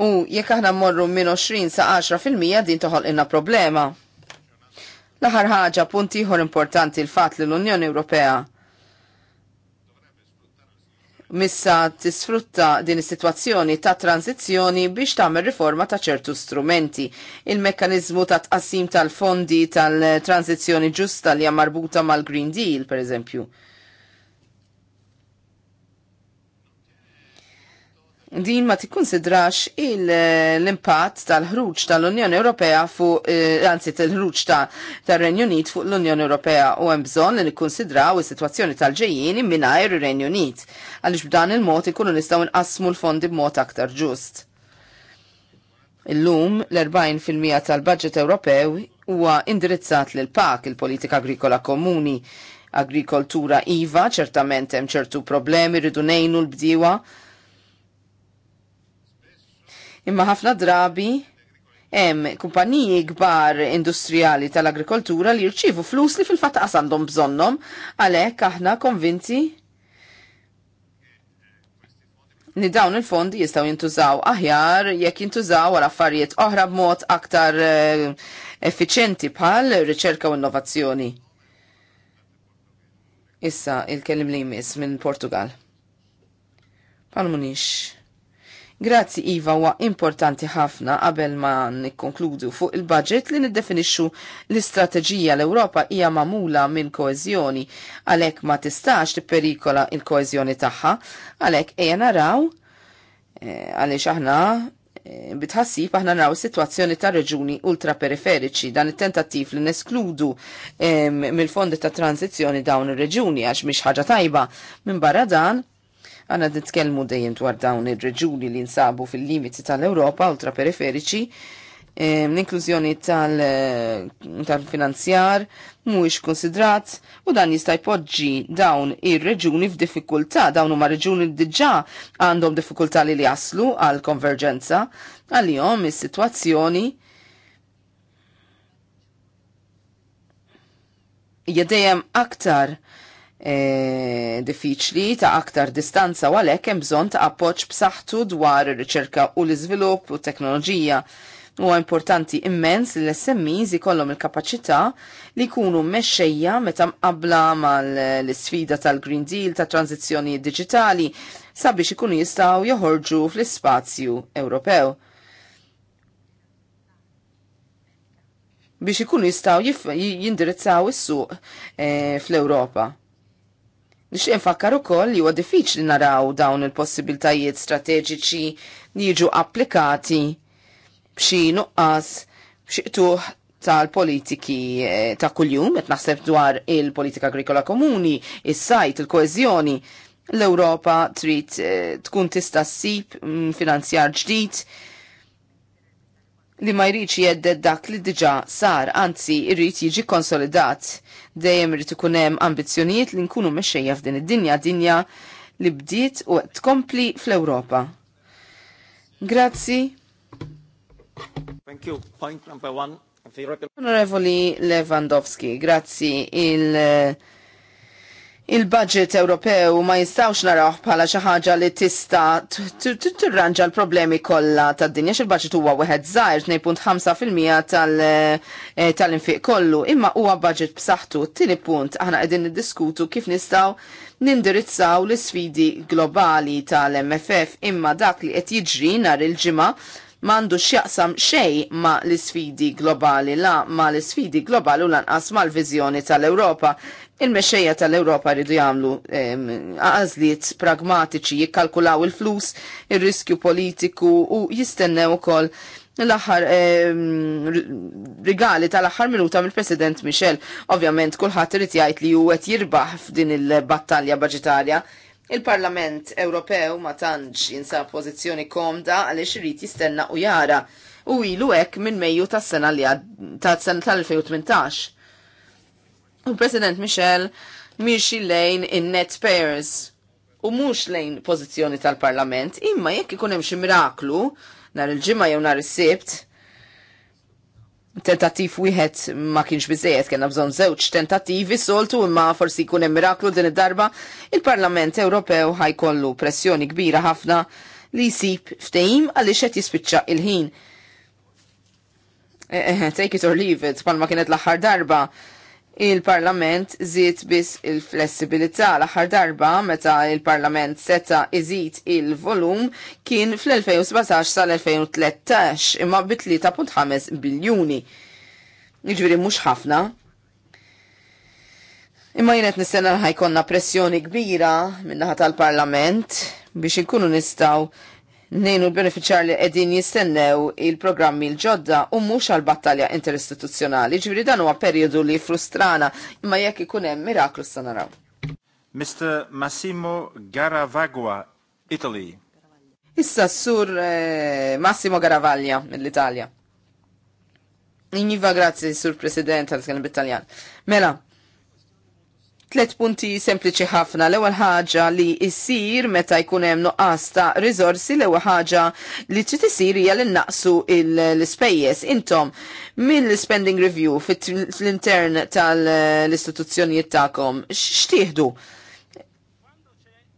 U jekk aħna mmorru minn 20 sa 10% din inna problema. L-aħħar ħaġa punt ieħor importanti l-fatt li l-Unjoni Ewropea missa tisfrutta din is-sitwazzjoni ta' tranzizzjoni biex tagħmel riforma ta' ċertu strumenti. Il-mekkaniżmu ta' tqassim tal-fondi tal-tranzizzjoni ġusta li hija marbuta mal-Green Deal, pereżempju. din ma tikkonsidrax eh, l-impatt tal-ħruġ tal-Unjoni Ewropea fuq eh, anzi tal-ħruġ tar-Renju Unit fuq l-Unjoni Ewropea u hemm bżonn li nikkonsidraw is-sitwazzjoni tal-ġejjin mingħajr ir-Renju Unit għaliex b'dan il-mod ikunu nistgħu nqassmu l-fondi b'mod aktar ġust. Illum l-40% tal-budget Ewropew huwa indirizzat lil pak il-politika agrikola komuni. Agrikoltura iva ċertament hemm ċertu problemi rridu ngħinu l-bdiewa Imma ħafna drabi hemm kumpaniji kbar industrijali tal-agrikoltura li jirċivu flus li fil-fatt qas għandhom bżonnhom, għalhekk aħna konvinti li dawn il-fondi jistaw jintużaw aħjar jekk jintużaw għal affarijiet oħra b'mod aktar eh, effiċenti bħal riċerka u innovazzjoni. Issa il-kellim li jmiss minn Portugal. Pal munix. Grazzi Iva huwa importanti ħafna qabel ma nikkonkludu fuq il-budget li niddefinixxu l-istrateġija l-Ewropa hija magħmula minn koeżjoni għalhekk ma tistax tipperikola il-koeżjoni tagħha, għalhekk ejja naraw eh, għaliex aħna eh, bitħassib aħna naraw sitwazzjoni ta' reġuni ultraperiferiċi dan it-tentattiv li neskludu eh, mill-fondi ta' tranzizzjoni dawn ir-reġuni għax mhix ħaġa tajba. Minn barra dan, Għanna ditkellmu dejjem dwar dawn ir-reġuni li nsabu fil-limiti tal-Ewropa periferiċi, l-inklużjoni eh, tal-finanzjar mhuwiex konsidrat u dan jista' jpoġġi dawn ir-reġuni f'diffikultà, dawn huma reġuni diġà għandhom diffikultà li jaslu għal konverġenza għalihom is-sitwazzjoni hija dejjem aktar E, diffiċli ta' aktar distanza u għalhekk hemm bżonn ta' appoġġ b'saħħtu dwar ir-riċerka u l-iżvilupp u t-teknoloġija. Huwa importanti immens li l-SMEs ikollhom il-kapaċità li jkunu mexxejja meta mqabbla mal-isfida tal-Green Deal ta' tranzizzjoni diġitali sabiex ikunu jistgħu joħorġu fl-ispazju Ewropew. biex ikunu jistaw jindirizzaw is-suq e, fl-Ewropa. Nixtieq infakkar ukoll li huwa diffiċli naraw dawn il-possibiltajiet strateġiċi li jiġu applikati b'xi nuqqas b'xiqtuħ tal-politiki eh, ta' kuljum, qed naħseb dwar il-politika agrikola komuni, is-sajt, il koezjoni koeżjoni l-Ewropa trid eh, tkun tista' ssib mm, finanzjar ġdid li ma jridx jedded dak li diġà sar, anzi jrid jiġi konsolidat dejjem irid ikun hemm ambizzjonijiet li nkunu mexxejja f'din id-dinja dinja li bdiet u qed tkompli fl-Ewropa. Grazzi. Thank you. Point number one. Onorevoli Lewandowski, grazzi il- il-budget Ewropew ma jistawx narawh bħala xi ħaġa li tista' tirranġa l-problemi kollha tad-dinja l budget huwa wieħed żgħir 2.5% eh, tal-infiq kollu, imma huwa budget b'saħħtu. Tieni punt aħna qegħdin niddiskutu kif nistgħu nindirizzaw l-isfidi globali tal-MFF imma dak li qed jiġri nhar il-ġimgħa mandu xjaqsam xej ma l-sfidi globali, la ma l-sfidi globali u lanqas ma l-vizjoni tal-Europa. Il-mexxejja tal-Ewropa rridu jagħmlu għażliet pragmatiċi jikkalkulaw il-flus, ir-riskju politiku u jistennew ukoll l-axar rigali tal-axar minuta mill-President Michel. Ovvjament, kulħadd irid jgħid li qed jirbaħ f'din il-battalja baġitarja. Il-Parlament Ewropew ma tantx jinsab pożizzjoni komda għaliex irid jistenna u jara u ilu hekk minn Mejju tas-sena li tas-sena tal-2018. U President Michel miexi lejn in-net pairs u mhux lejn pożizzjoni tal-Parlament, imma jekk ikun hemm xi miraklu nhar il-ġimgħa jew nhar is-sibt, tentattiv wieħed ma kienx biżejjed kellna bżonn żewġ tentattivi soltu imma forsi jkun hemm miraklu din id-darba, il-Parlament Ewropew ħajkollu pressjoni kbira ħafna li jsib ftehim għaliex qed jispiċċa il-ħin. Eh, eh, eh, take it or leave it, palma kienet l-aħħar darba il-Parlament ziet biss il-flessibilità l-aħħar darba meta il-Parlament seta iżid il-volum kien fl-2017 sal-2013 imma bi 3.5 biljuni. Iġviri mhux ħafna. Imma jenet nistenna ħajkonna pressjoni kbira minnaħat tal-Parlament biex inkunu nistaw nejnu l-beneficjar li edin jistennew il-programmi l-ġodda u mux għal-battalja interistituzzjonali. Ġviri dan huwa periodu li frustrana imma jekk ikun hemm miraklu sanaraw. Mr. Massimo Garavagua, Italy. Issa sur eh, Massimo Garavaglia mill-Italja. Njiva grazie sur President għal skanib Italjan. Mela, Tlet punti sempliċi ħafna. L-ewwel ħaġa li jsir meta jkun hemm nuqqas ta' riżorsi, l-ewwel ħaġa li trid isir hija li naqsu l-ispejjeż. Intom l spending review fit-intern tal-istituzzjonijiet tagħkom x'tieħdu?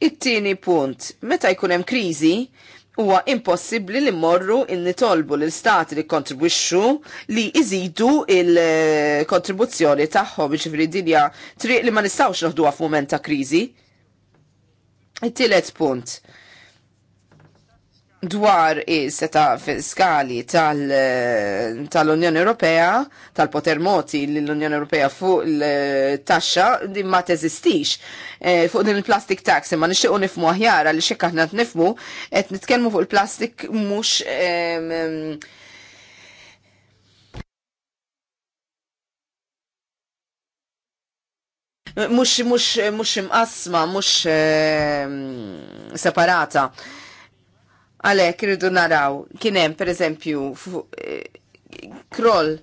It-tieni punt, meta jkun hemm kriżi, huwa impossibbli li morru nitolbu l istati li kontribwixxu li iżidu il-kontribuzzjoni tagħhom ġifri dinja triq li ma nistgħux noħduha f'mument ta' kriżi. It-tielet punt dwar is-seta fiskali tal-Unjoni tal Ewropea, tal-poter moti l-Unjoni Ewropea fuq l-taxxa din ma teżistix. E, fuq din il-plastic tax imma nixtiequ nifmu aħjar li xi aħna nifmu qed nitkellmu fuq il-plastik mhux mux, mux, mux imqasma, mux separata. Għalek rridu naraw, kienem per eżempju eh, kroll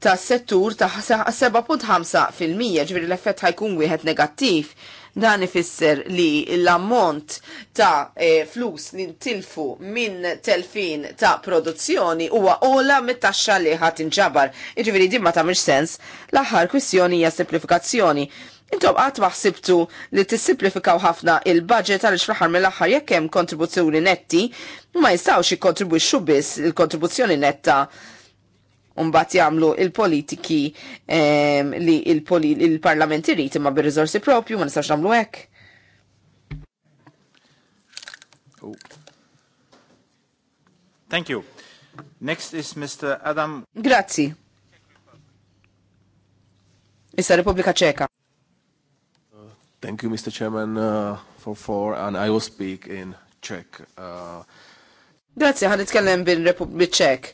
ta' settur ta' 7.5% ġviri l-effett ħajkun wieħed negattiv. Dan ifisser li l-ammont ta' e, flus li ntilfu minn telfin ta' produzzjoni huwa ola mit-taxxa li ħat inġabar. Iġviri din ma tagħmilx sens. L-aħħar kwistjoni hija simplifikazzjoni. Intom għat maħsibtu li tissimplifikaw ħafna il-budget għal xraħar mill-axħar jekk hemm kontribuzzjoni netti, ma jistawx jikkontribwixxu biss il-kontribuzzjoni netta Umbat jagħmlu il-politiki ehm, li il-parlament irid imma bir rizorsi propju ma nistax nagħmlu hekk. Oh. Thank you. Next is Mr. Adam. Grazzi. Issa Repubblika Ċeka. Thank you, Mr. Chairman, uh, for four, and I will speak in Czech. Uh... Grazie, għan itkellem bil-Republik Czech.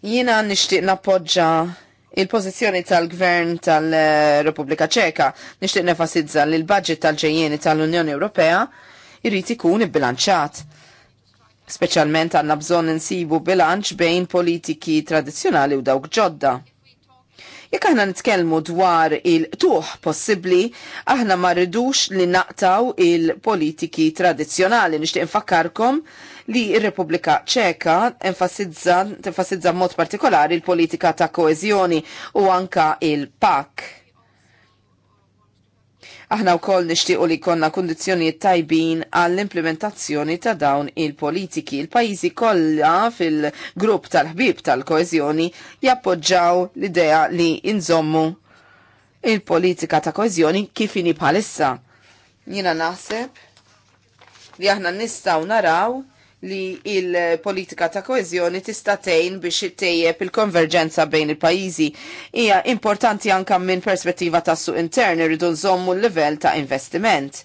Jina nishtiq nappoġġa il-pozizjoni tal-Gvern tal-Repubblika Ċeka. Nishtiq nefasidza li l-budget tal-ġejjeni tal-Unjoni Ewropea irrit ikun bilanċat Speċjalment għandna bżonn insibu bilanċ bejn politiki tradizzjonali u dawk ġodda Jekk aħna nitkellmu dwar il-tuħ possibbli, aħna ma rridux li naqtaw il-politiki tradizzjonali. Nixtieq infakkarkom li r-Repubblika Ċeka enfasizza mod partikolari l politika ta' koezjoni u anka il-PAK Aħna wkoll nixtiequ li konna kundizzjonijiet tajbin għall-implementazzjoni ta' dawn il-politiki. Il-pajjiżi kollha fil-grupp tal-ħbib tal koezjoni jappoġġaw l-idea li inżommu il-politika ta' koezjoni kif ini bħalissa. Jiena naħseb li aħna nistgħu naraw li il-politika ta' koezjoni tista' tgħin biex ittejjeb il-konverġenza bejn il-pajjiżi. Hija importanti anke minn perspettiva ta' suq intern irridu nżommu l-livell ta' investiment.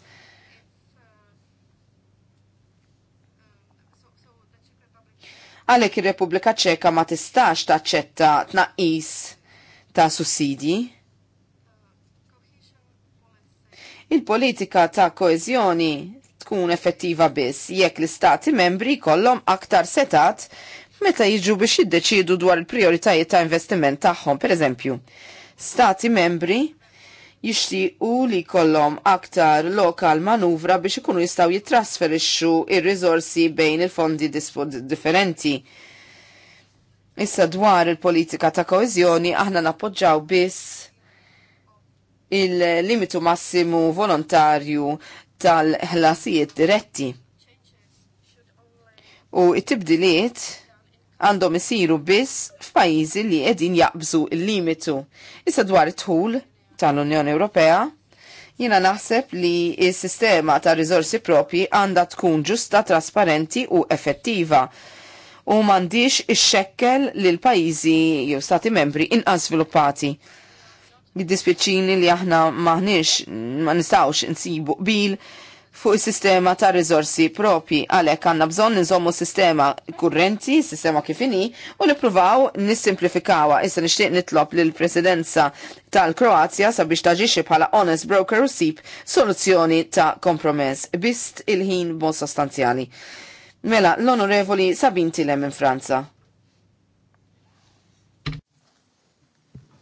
Għalhekk ir-Repubblika Ċeka ma tistax taċċetta tnaqqis ta' sussidji. Il-politika ta' koezjoni tkun effettiva biss jekk l-istati membri kollom aktar setat meta jiġu biex jiddeċidu dwar il-prioritajiet ta' investiment tagħhom, pereżempju. Stati membri jixtiequ li kollom aktar lokal manuvra biex ikunu jistgħu jitrasferixxu ir-riżorsi bejn il-fondi differenti. Issa dwar il-politika ta' koezjoni aħna nappoġġaw biss il-limitu massimu volontarju tal-ħlasijiet diretti. U it-tibdiliet għandhom isiru biss f'pajjiżi li qegħdin jaqbżu l-limitu. Issa dwar it-tħul tal-Unjoni Ewropea, jiena naħseb li s-sistema ta' riżorsi propji għandha tkun ġusta, trasparenti u effettiva u mandiġ ix-xekkel lil pajjiżi jew stati membri inqas sviluppati jiddispjaċini li aħna maħniex ma nistawx nsibu bil fuq is-sistema ta' rizorsi propi għalhekk għandna bżonn nżommu sistema kurrenti, sistema kifini u nippruvaw nissimplifikawa Issa nixtieq nitlob lill presidenza tal-Kroazja sabiex taġixxi bħala honest broker u sip soluzzjoni ta' kompromess bist il-ħin bon sostanzjali. Mela, l-onorevoli Sabin Tilem minn Franza.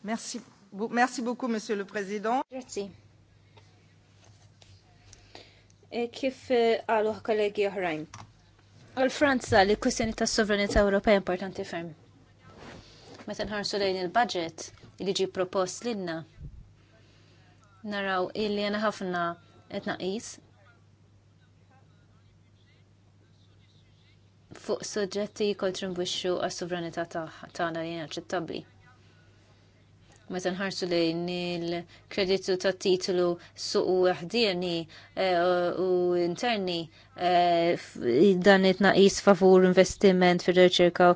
Merci, Merci beaucoup, Monsieur le Président. Grazie. Kif e, għalu kollegi oħrajn? Għal-Franza li kwestjoni ta' sovranità Ewropea importanti ferm. Meta nħarsu lejn il-budget li ġi propost lilna, naraw illi għana ħafna etnaqis fuq soġġetti jikontribwixxu għas-sovranità tagħna li inaċċettabbli. Ta meta nħarsu lejn il-kreditu ta' titlu suq għahdieni eh, u interni eh, dan it-naqis favur investiment fir riċerka u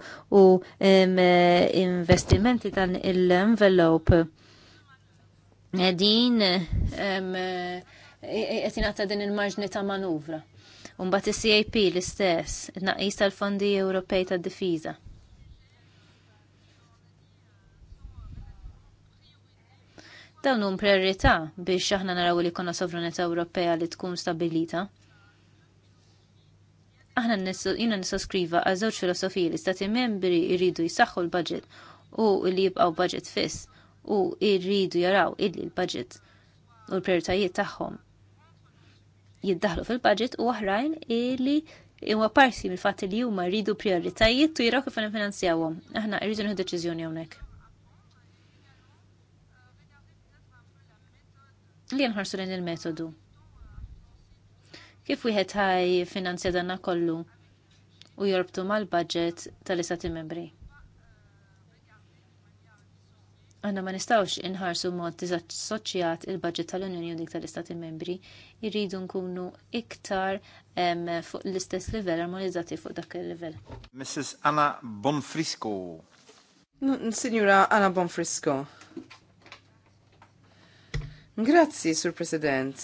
eh, investimenti dan il-envelop. Din jtina din il-marġni ta' manuvra. bat il-CAP l-istess, naqis tal-fondi Ewropej tad difiża Dawn hum priorità biex aħna naraw li konna sovranità Ewropea li tkun stabilita. Aħna jina nisoskriva għal żewġ filosofiji li stati membri jridu jisaxħu l-budget u li jibqgħu budget fiss u jridu jaraw illi l-budget u l-prioritajiet tagħhom jiddaħlu fil-budget u oħrajn illi huwa parti mill-fatt li huma jridu prioritajiet u jiraw kif finanzjawhom. Aħna rridu nieħdu deċiżjoni hawnhekk. li nħarsu lejn il-metodu. Kif wieħed ħaj finanzja danna kollu u jorbtu mal-budget tal-istati membri? Għanna ma nistawx inħarsu mod disassoċjat il-budget tal-Unjoni u dik tal-Istati membri, irridu nkunu iktar fuq l-istess livell, armonizzati fuq dak il-livell. Mrs. Anna Bonfrisco. Signora Anna Bonfrisco. Grazzi, Sur President.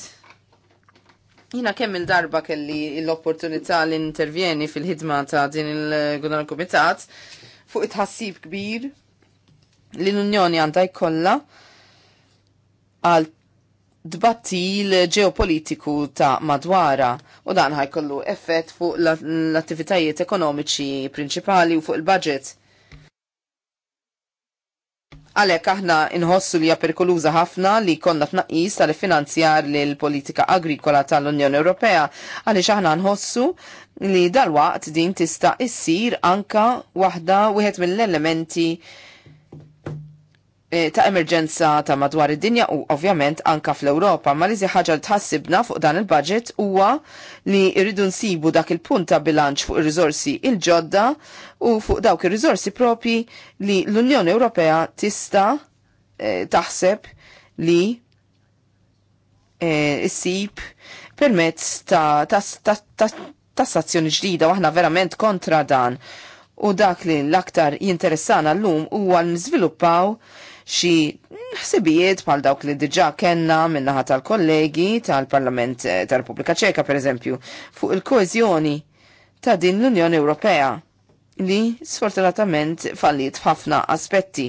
Jina kemm il-darba kelli l-opportunità li intervjeni fil-ħidma ta' din il-Gunar Komitat fuq it-ħassib kbir li l-Unjoni għandha jkollha għal dbattil ġeopolitiku ta' madwara u dan ħajkollu effett fuq l-attivitajiet ekonomiċi prinċipali u fuq il-budget. Għalek aħna inħossu li perikoluza ħafna li konna tnaqis tal-finanzjar l-politika agrikola tal-Unjoni Ewropea għalix aħna nħossu li dal-waqt din tista' issir anka waħda wieħed mill-elementi Eh, ta' emerġenza ta' madwar id-dinja u ovvjament anka fl-Ewropa, ma li ħaġa li tħassibna fuq dan il-budget huwa li rridu nsibu dak il-punt ta' bilanċ fuq ir-riżorsi il-ġodda u fuq dawk ir-riżorsi propi li l-Unjoni Ewropea tista' e, taħseb li e, issib permezz ta' tassazzjoni ġdida u aħna verament kontra dan. U dak li l-aktar jinteressana l-lum huwa l-nżviluppaw xi ħsibijiet bħal dawk li diġà kellna minnaħa tal-kollegi tal-Parlament eh, tal-Repubblika Ċeka pereżempju fuq il-koeżjoni ta' din l-Unjoni Ewropea li sfortunatament fallit f'ħafna aspetti.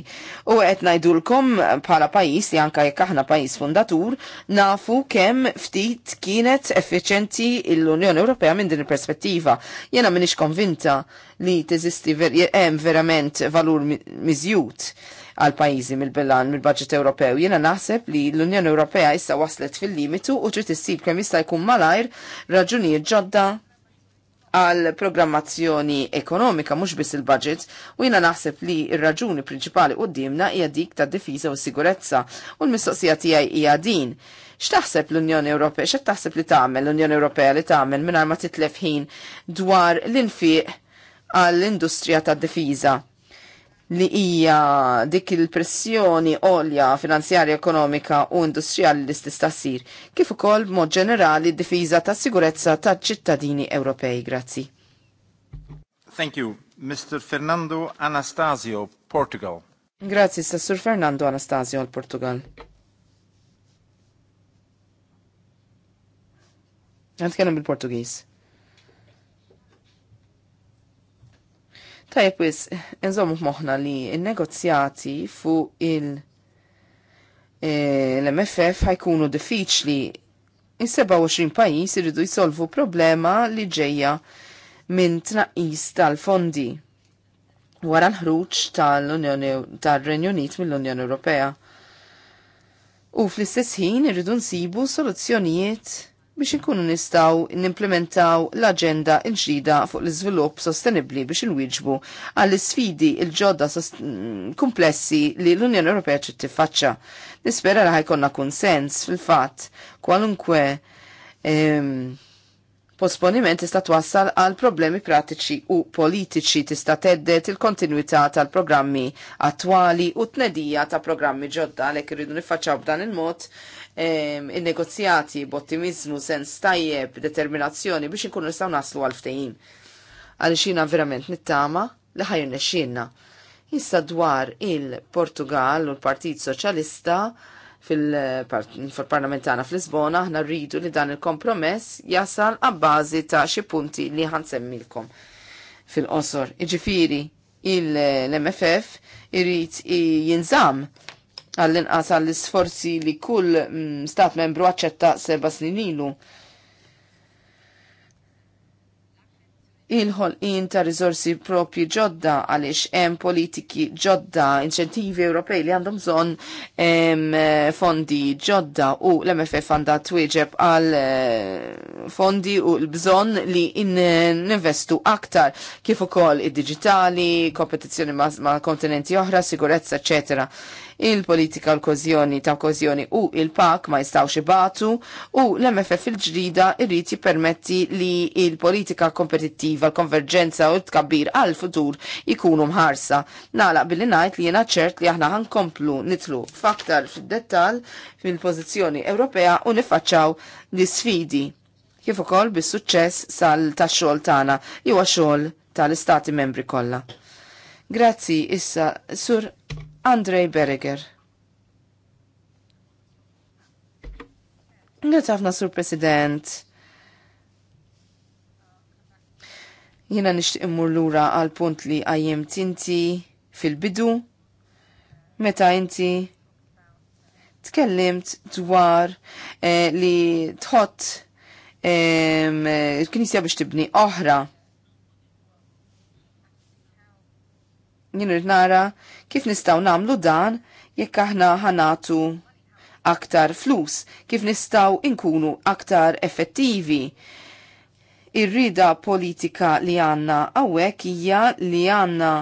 U qed ngħidulkom bħala pajjiż li anke jekk aħna pajjiż fundatur nafu kemm ftit kienet effiċenti l-Unjoni Ewropea minn din il-perspettiva. Jena m'iniex konvinta li teżisti hemm verament valur miżjud għal pajjiżi mill-bilan mill-budget Ewropew. Jiena naħseb li l-Unjoni Ewropea issa waslet fil-limitu u trid issib kemm jista' jkun malajr raġunijiet ġodda għal programmazzjoni ekonomika mhux biss il-budget u jiena naħseb li r-raġuni prinċipali qudiemna hija dik tad difiża u sigurezza u l-mistoqsija tiegħi hija din. X'taħseb l-Unjoni Ewropea, x'qed taħseb li tagħmel l-Unjoni Ewropea li tagħmel mingħajr ma titlef ħin dwar l-infiq għall-industrija tad difiża li hija dik il-pressjoni olja finanzjarja ekonomika u industrijali li tista' ssir, kif ukoll b'mod ġenerali d-difiża tas sigurezza ta' ċittadini Ewropej. Grazzi. Thank you, Mr. Fernando Anastasio, Portugal. Grazzi, Sassur Fernando Anastasio, portugal Għan tkellem bil-Portugis. Tajjeb wis, nżommu moħna li n-negozjati fuq il- eh, mff ħajkunu diffiċli. il 27 pajis iridu jisolvu problema li ġeja minn tnaqis tal-fondi wara l-ħruġ tal tal-Renju Unit mill-Unjoni Ewropea. U fl-istess ħin irridu nsibu soluzzjonijiet biex inkunu nistaw nimplementaw l-agenda il-ġdida fuq l-iżvilupp sostenibli biex il-wijġbu għall sfidi il-ġodda komplessi li l-Unjoni Ewropea ċi tiffaċċa. Nispera li ħajkonna konsens fil-fatt kwalunkwe ehm, posponiment tista' twassal għal problemi pratiċi u politiċi tista' teddet il-kontinuità tal-programmi attwali u tnedija ta' programmi ġodda għalhekk irridu nifaċċaw b'dan il-mod in-negozjati b'ottimizmu, sens tajjeb, determinazzjoni biex inkunu nistgħu naslu għal ftehim. Għaliex jiena verament nittama li ħajun nexxielna. Issa dwar il-Portugal u l-Partit Soċjalista fil parlamentana fil fl-Lisbona aħna rridu li dan il-kompromess jasal għabbażi ta' xi punti li ħansemmilkom fil-qosor. Iġifiri il-MFF irrit jinżamm għall-inqas għall-isforzi li kull mm, stat membru għacċetta seba snin ilu. Il-ħolqin ta' rizorsi propri ġodda għaliex hemm politiki ġodda, inċentivi Ewropej li għandhom bżonn fondi ġodda u l-MFF għandha twieġeb għal eh, fondi u l-bżonn li ninvestu aktar kif ukoll id-diġitali, kompetizzjoni ma', kontinenti oħra, sigurezza, eċetera il-politika l-kozjoni ta' kozjoni u il-pak ma jistawx ibatu u l-MFF il-ġrida irriti jippermetti li il-politika kompetittiva, l-konverġenza u t-kabbir għal-futur ikunu mħarsa. Nalaq billi najt li jena ċert li aħna ħankomplu nitlu faktar fid-dettal fil-pozizjoni Ewropea u nifacċaw l-sfidi kif ukoll bis-suċċess sal-tax-xogħol tagħna jew xogħol tal-istati membri kollha. Grazzi issa sur Andrej Berger. Għetafna, Sur President. Jena nishtiq immur lura għal punt li għajjem tinti fil-bidu, meta inti tkellimt dwar eh, li tħott eh, il-Knisja biex tibni oħra. jien nara kif nistgħu nagħmlu dan jekk aħna ħanatu aktar flus, kif nistgħu inkunu aktar effettivi. Ir-rida politika li għanna għawek hija li għanna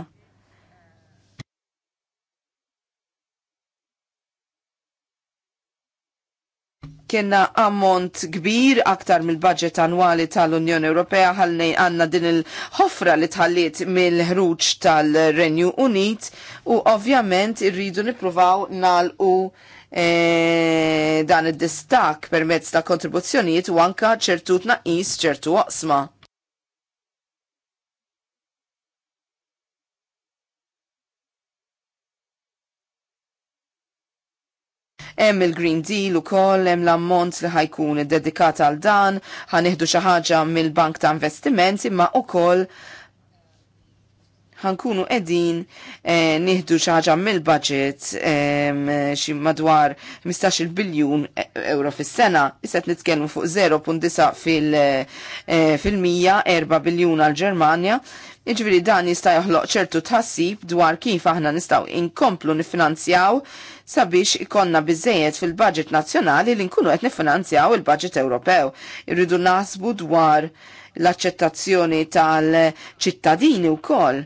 kienna ammont kbir aktar mill-budget annwali tal-Unjoni Ewropea ħalnej għanna din il-ħofra li tħalliet mill-ħruġ tal-Renju Unit u ovvjament irridu nipruvaw u e, dan id-distak permezz ta' kontribuzzjonijiet u anka ċertu tnaqis ċertu waqsma. Hemm il-Green Deal ukoll hemm l-ammont li ħajkun dedikat għal dan, ħaneħdu xi ħaġa mill-Bank ta' investimenti imma ukoll ħankunu edin eh, nieħdu ħaġa mill-budget eh, xi madwar 15 biljun eh, euro fis-sena, issa qed nitkellmu fuq 0.9 eh, fil-mija, eh, fil 4 biljun għal-Ġermanja. Iġviri dan jista' joħloq ċertu tħassib dwar kif aħna nistgħu inkomplu nifinanzjaw sabiex ikonna biżejjed fil-budget nazzjonali li nkunu qed nifinanzjaw il-budget Ewropew. Irridu naħsbu dwar l aċċettazzjoni tal-ċittadini u koll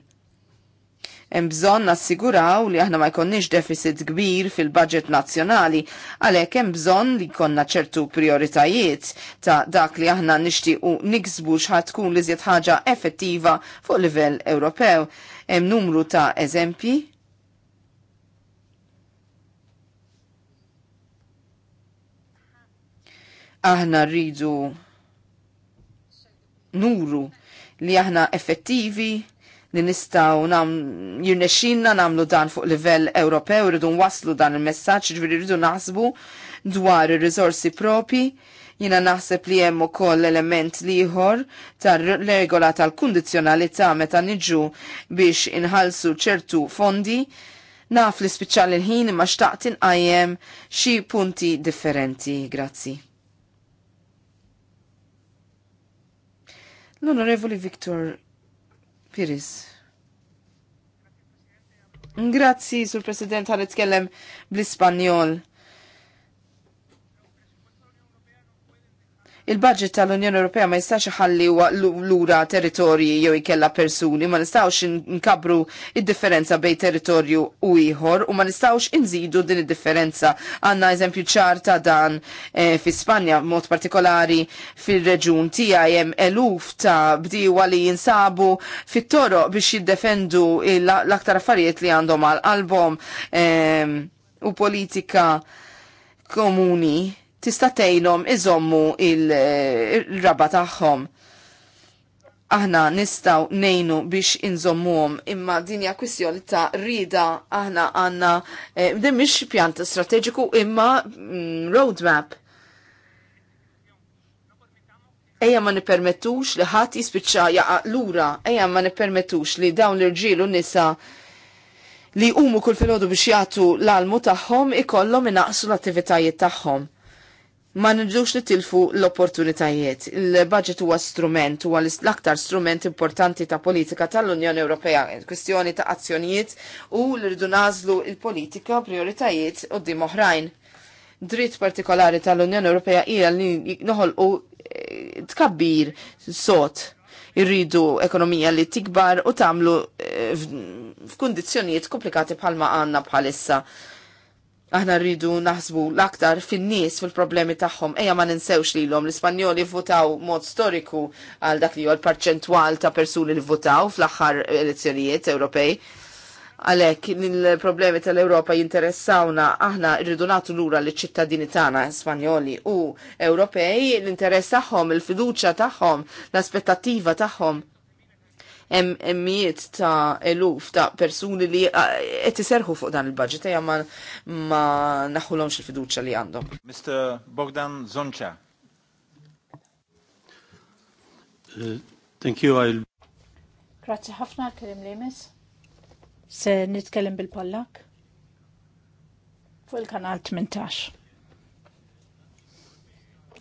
Hemm bżonn nassiguraw li aħna ma jkollniex deficit kbir fil-budget nazzjonali, għalhekk hemm bżonn li jkollna ċertu prioritajiet ta' dak li aħna nixtiequ niksbu x'ħad tkun li ħaġa effettiva fuq livell Ewropew. Hemm numru ta' eżempji aħna rridu nuru li aħna effettivi li nistaw nam jirnexxinna namlu dan fuq livell Ewropew, rridu nwaslu dan il-messaġġ, ġviri rridu naħsbu dwar ir rizorsi propi, jina naħseb li hemm ukoll element liħor tar-regola tal-kundizzjonalità meta niġu biex inħalsu ċertu fondi, naf li spiċċal il-ħin imma xtaqt inqajjem xi punti differenti. Grazzi. L-Onorevoli Viktor Piris. Grazzi, sur President, għan itkellem bl-Ispanjol. il-budget tal-Unjoni Ewropea ma jistax iħalli lura territorji jew ikella persuni, ma nistawx nkabru id-differenza bej territorju u ieħor u ma nistawx inżidu din id-differenza. Għandna eżempju ċar ta' dan e, fi Spanja, mod partikolari fil-reġun tiegħi hemm eluf ta' bdiewa li jinsabu fit-toroq biex jiddefendu l-aktar affarijiet li għandhom għal album e, ehm, u politika komuni tista' tgħinhom iżommu eh, il-raba tagħhom. Aħna nistgħu ngħinu biex inżommuhom imma din hija kwistjoni ta' rida aħna għandna eh, din mhix pjant strateġiku imma mm, roadmap. Ejja ma nippermettux li ħadd jispiċċa jaqa' lura, ejja ma nippermettux li dawn l-irġiel u nisa li umu kull filgħodu biex jagħtu l-almu tagħhom ikollhom inaqsu l-attivitajiet tagħhom ma nġux li tilfu l-opportunitajiet. Il-budget huwa strument, huwa l-aktar strument importanti ta' politika tal-Unjoni Ewropea, kwistjoni ta' azzjonijiet u l-irdu nażlu il-politika prioritajiet u dim oħrajn. Dritt partikolari tal-Unjoni Ewropea hija li noħolqu eh, tkabbir sot irridu ekonomija li tikbar u tamlu eh, f'kundizzjonijiet komplikati bħalma għanna bħalissa aħna rridu naħsbu l-aktar fin-nies fil-problemi tagħhom. Ejja ma ninsewx lilhom l-Ispanjoli votaw mod storiku għal dak li l-parċentwal ta' persuni li votaw fl-aħħar elezzjonijiet Ewropej. Għalhekk il-problemi tal-Ewropa jinteressawna aħna rridu nagħtu lura liċ ċittadini tagħna Spanjoli u Ewropej l-interess tagħhom, il-fiduċja tagħhom, l-aspettattiva tagħhom emmijiet ta' eluf ta' persuni li qed iserħu fuq dan il-budget ejja ma, ma naħulhomx il-fiduċja li għandhom. Mr. Bogdan Zonċa. Uh, thank you, I'll... Grazie ħafna kelim li mis. Se nitkellem bil-Pollak. Fuq il-kanal 18.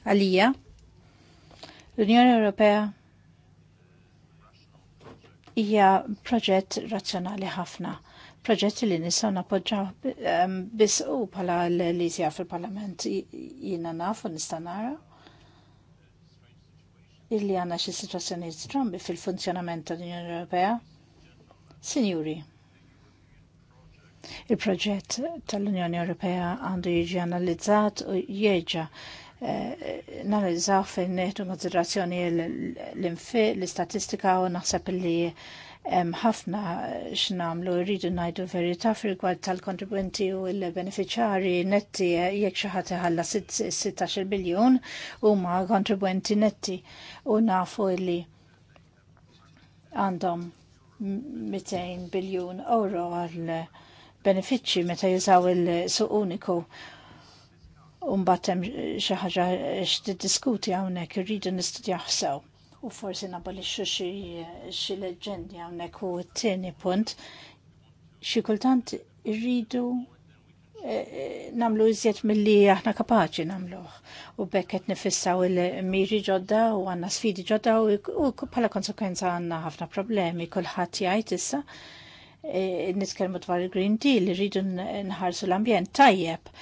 Għalija. L-Unjoni Ewropea hija proġett razzjonali ħafna. Proġetti li nisaw napoġġaw bis u pala l-lisja fil-parlament jina nafu nistanara illi għanna xie situazzjoni strambi fil-funzjonament tal-Unjoni Ewropea? Signori, il-proġett tal-Unjoni Ewropea għandu jiġi analizzat u jieġa nanalizzaw fejn neħdu konsiderazzjoni l-infi, l-istatistika u naħseb li ħafna x'namlu rridu ngħidu verità fil-gwad tal-kontribwenti u l-beneficjari netti jekk xi ħadd iħalla 16 biljun huma kontribwenti netti u nafu li għandhom 200 biljun euro għal benefiċċji meta jużaw il-suq uniku Umbatem xaħġa x-diskuti għawnek, rridu nistudjaħ sew. U forsi nabalixxu xi leġendi hawnhekk u t-tieni punt. Xi kultant irridu eh, eh, namlu iżjed mill-li aħna kapaċi namluħ. U bekket nifissaw il-miri ġodda u għanna sfidi ġodda u bħala konsekwenza għanna ħafna problemi kullħat jgħid issa eh, nitkelmu dwar il-Green Deal, rridu nħarsu l-ambjent tajjeb,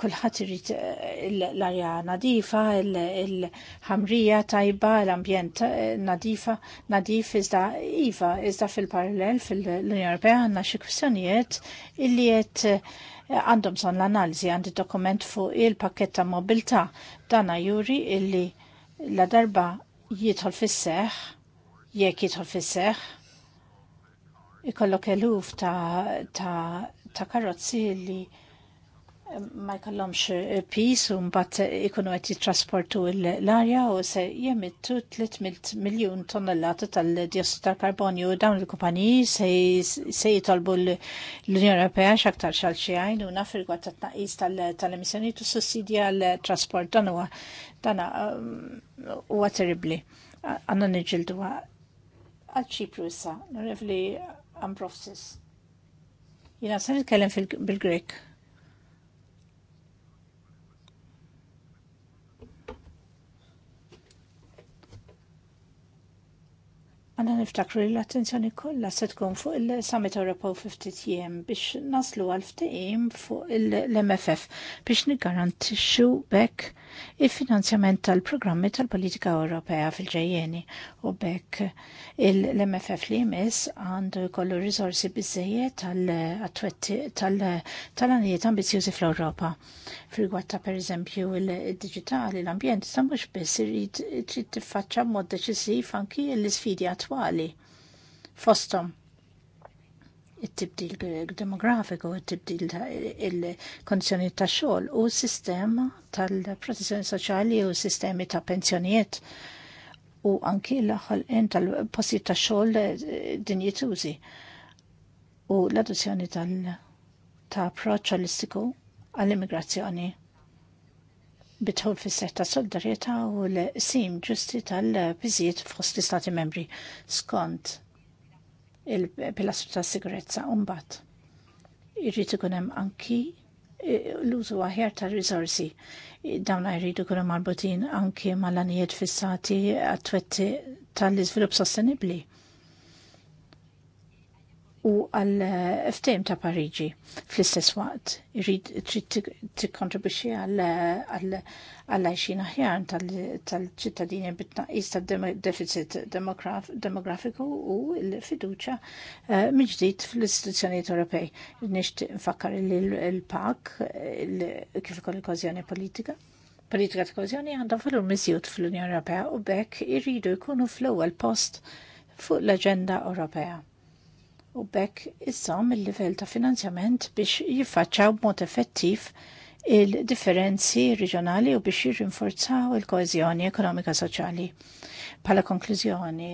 kullħat irrit eh, l-arja nadifa, il-ħamrija tajba, l-ambjent eh, nadifa, nadif iżda iva, iżda fil-parallel fil-Unjoni Europea għandna xi kwistjonijiet illi qed eh, għandhom son l analizi għandi dokument fuq il paketta ta' mobilità dana juri illi la darba jidħol fis-seħ, jekk jidħol fis-seħ, ikollok eluf ta', ta, ta karozzi li ma jkollhomx eh, pis u mbagħad ikunu qed jittrasportu l-arja u se jemittu 300 miljun tonnellata tal-diossidu tal-karbonju u dawn il-kumpaniji se jitolbu l-Unjoni Ewropea x'aktar xal xi għajn u naf rigward tat-tnaqqis tal-emissjonijiet u sussidja għall-trasport dan huwa dan eh, huwa terribbli. Għandna niġġieldu għal ċipru issa, għan Ambrofsis. Jina se nitkellem bil-Grek Għanna niftakru li l-attenzjoni kollha se tkun fuq il-Summit Europew 50 jiem biex naslu għal ftehim fuq l-MFF biex niggarantixxu bekk il-finanzjament tal-programmi tal-politika Ewropea fil-ġejjeni u bekk l-MFF li jmiss għandu jkollu risorsi biżejjed tal-għanijiet ambizjużi fl-Ewropa. Frigwatta per eżempju il-digitali, l-ambjent, sa mux biss irrid trid tiffaċċa mod deċisiv anki l-isfidi għat sesswali fostom it-tibdil demografiku, it-tibdil il-kondizjoni ta' xogħol u s-sistema tal-protezzjoni soċjali u s-sistemi ta' pensjonijiet u anki l-ħolqien tal-posti ta' xogħol eh, dinjitużi u l-adozzjoni tal- ta' approċċ holistiku għall-immigrazzjoni bitħol fis ta' solidarieta u l-sim ġusti tal-biżiet fost l-Istati membri skont il-pilastru ta' sigurezza umbat. Irrid ikun hemm anki e, l-użu aħjar ta' risorsi dawn jridu jkunu marbutin anki mal-anijiet fissati għat-twetti tal-iżvilupp sostenibbli u għal eh, ftehim ta' Pariġi fl-istess waqt. Irrid trid tikkontribwixxi għal għajxin aħjar tal-ċittadini bit naqis tal deficit demografiku u l-fiduċa eh, miġdid fl-istituzzjonijiet Ewropej. Nixtieq nfakkar li l-PAK kif ukoll il kozjoni politika politika ta' kozjoni għandha falur miżjud fl-Unjoni Ewropea u bekk irridu jkunu fl-ewwel post fuq l-aġenda Ewropea u bekk issom il-livell ta' finanzjament biex jiffaċċaw b'mod effettiv il-differenzi reġjonali u biex jirrinforzaw il-koezjoni ekonomika soċjali. Pala konklużjoni,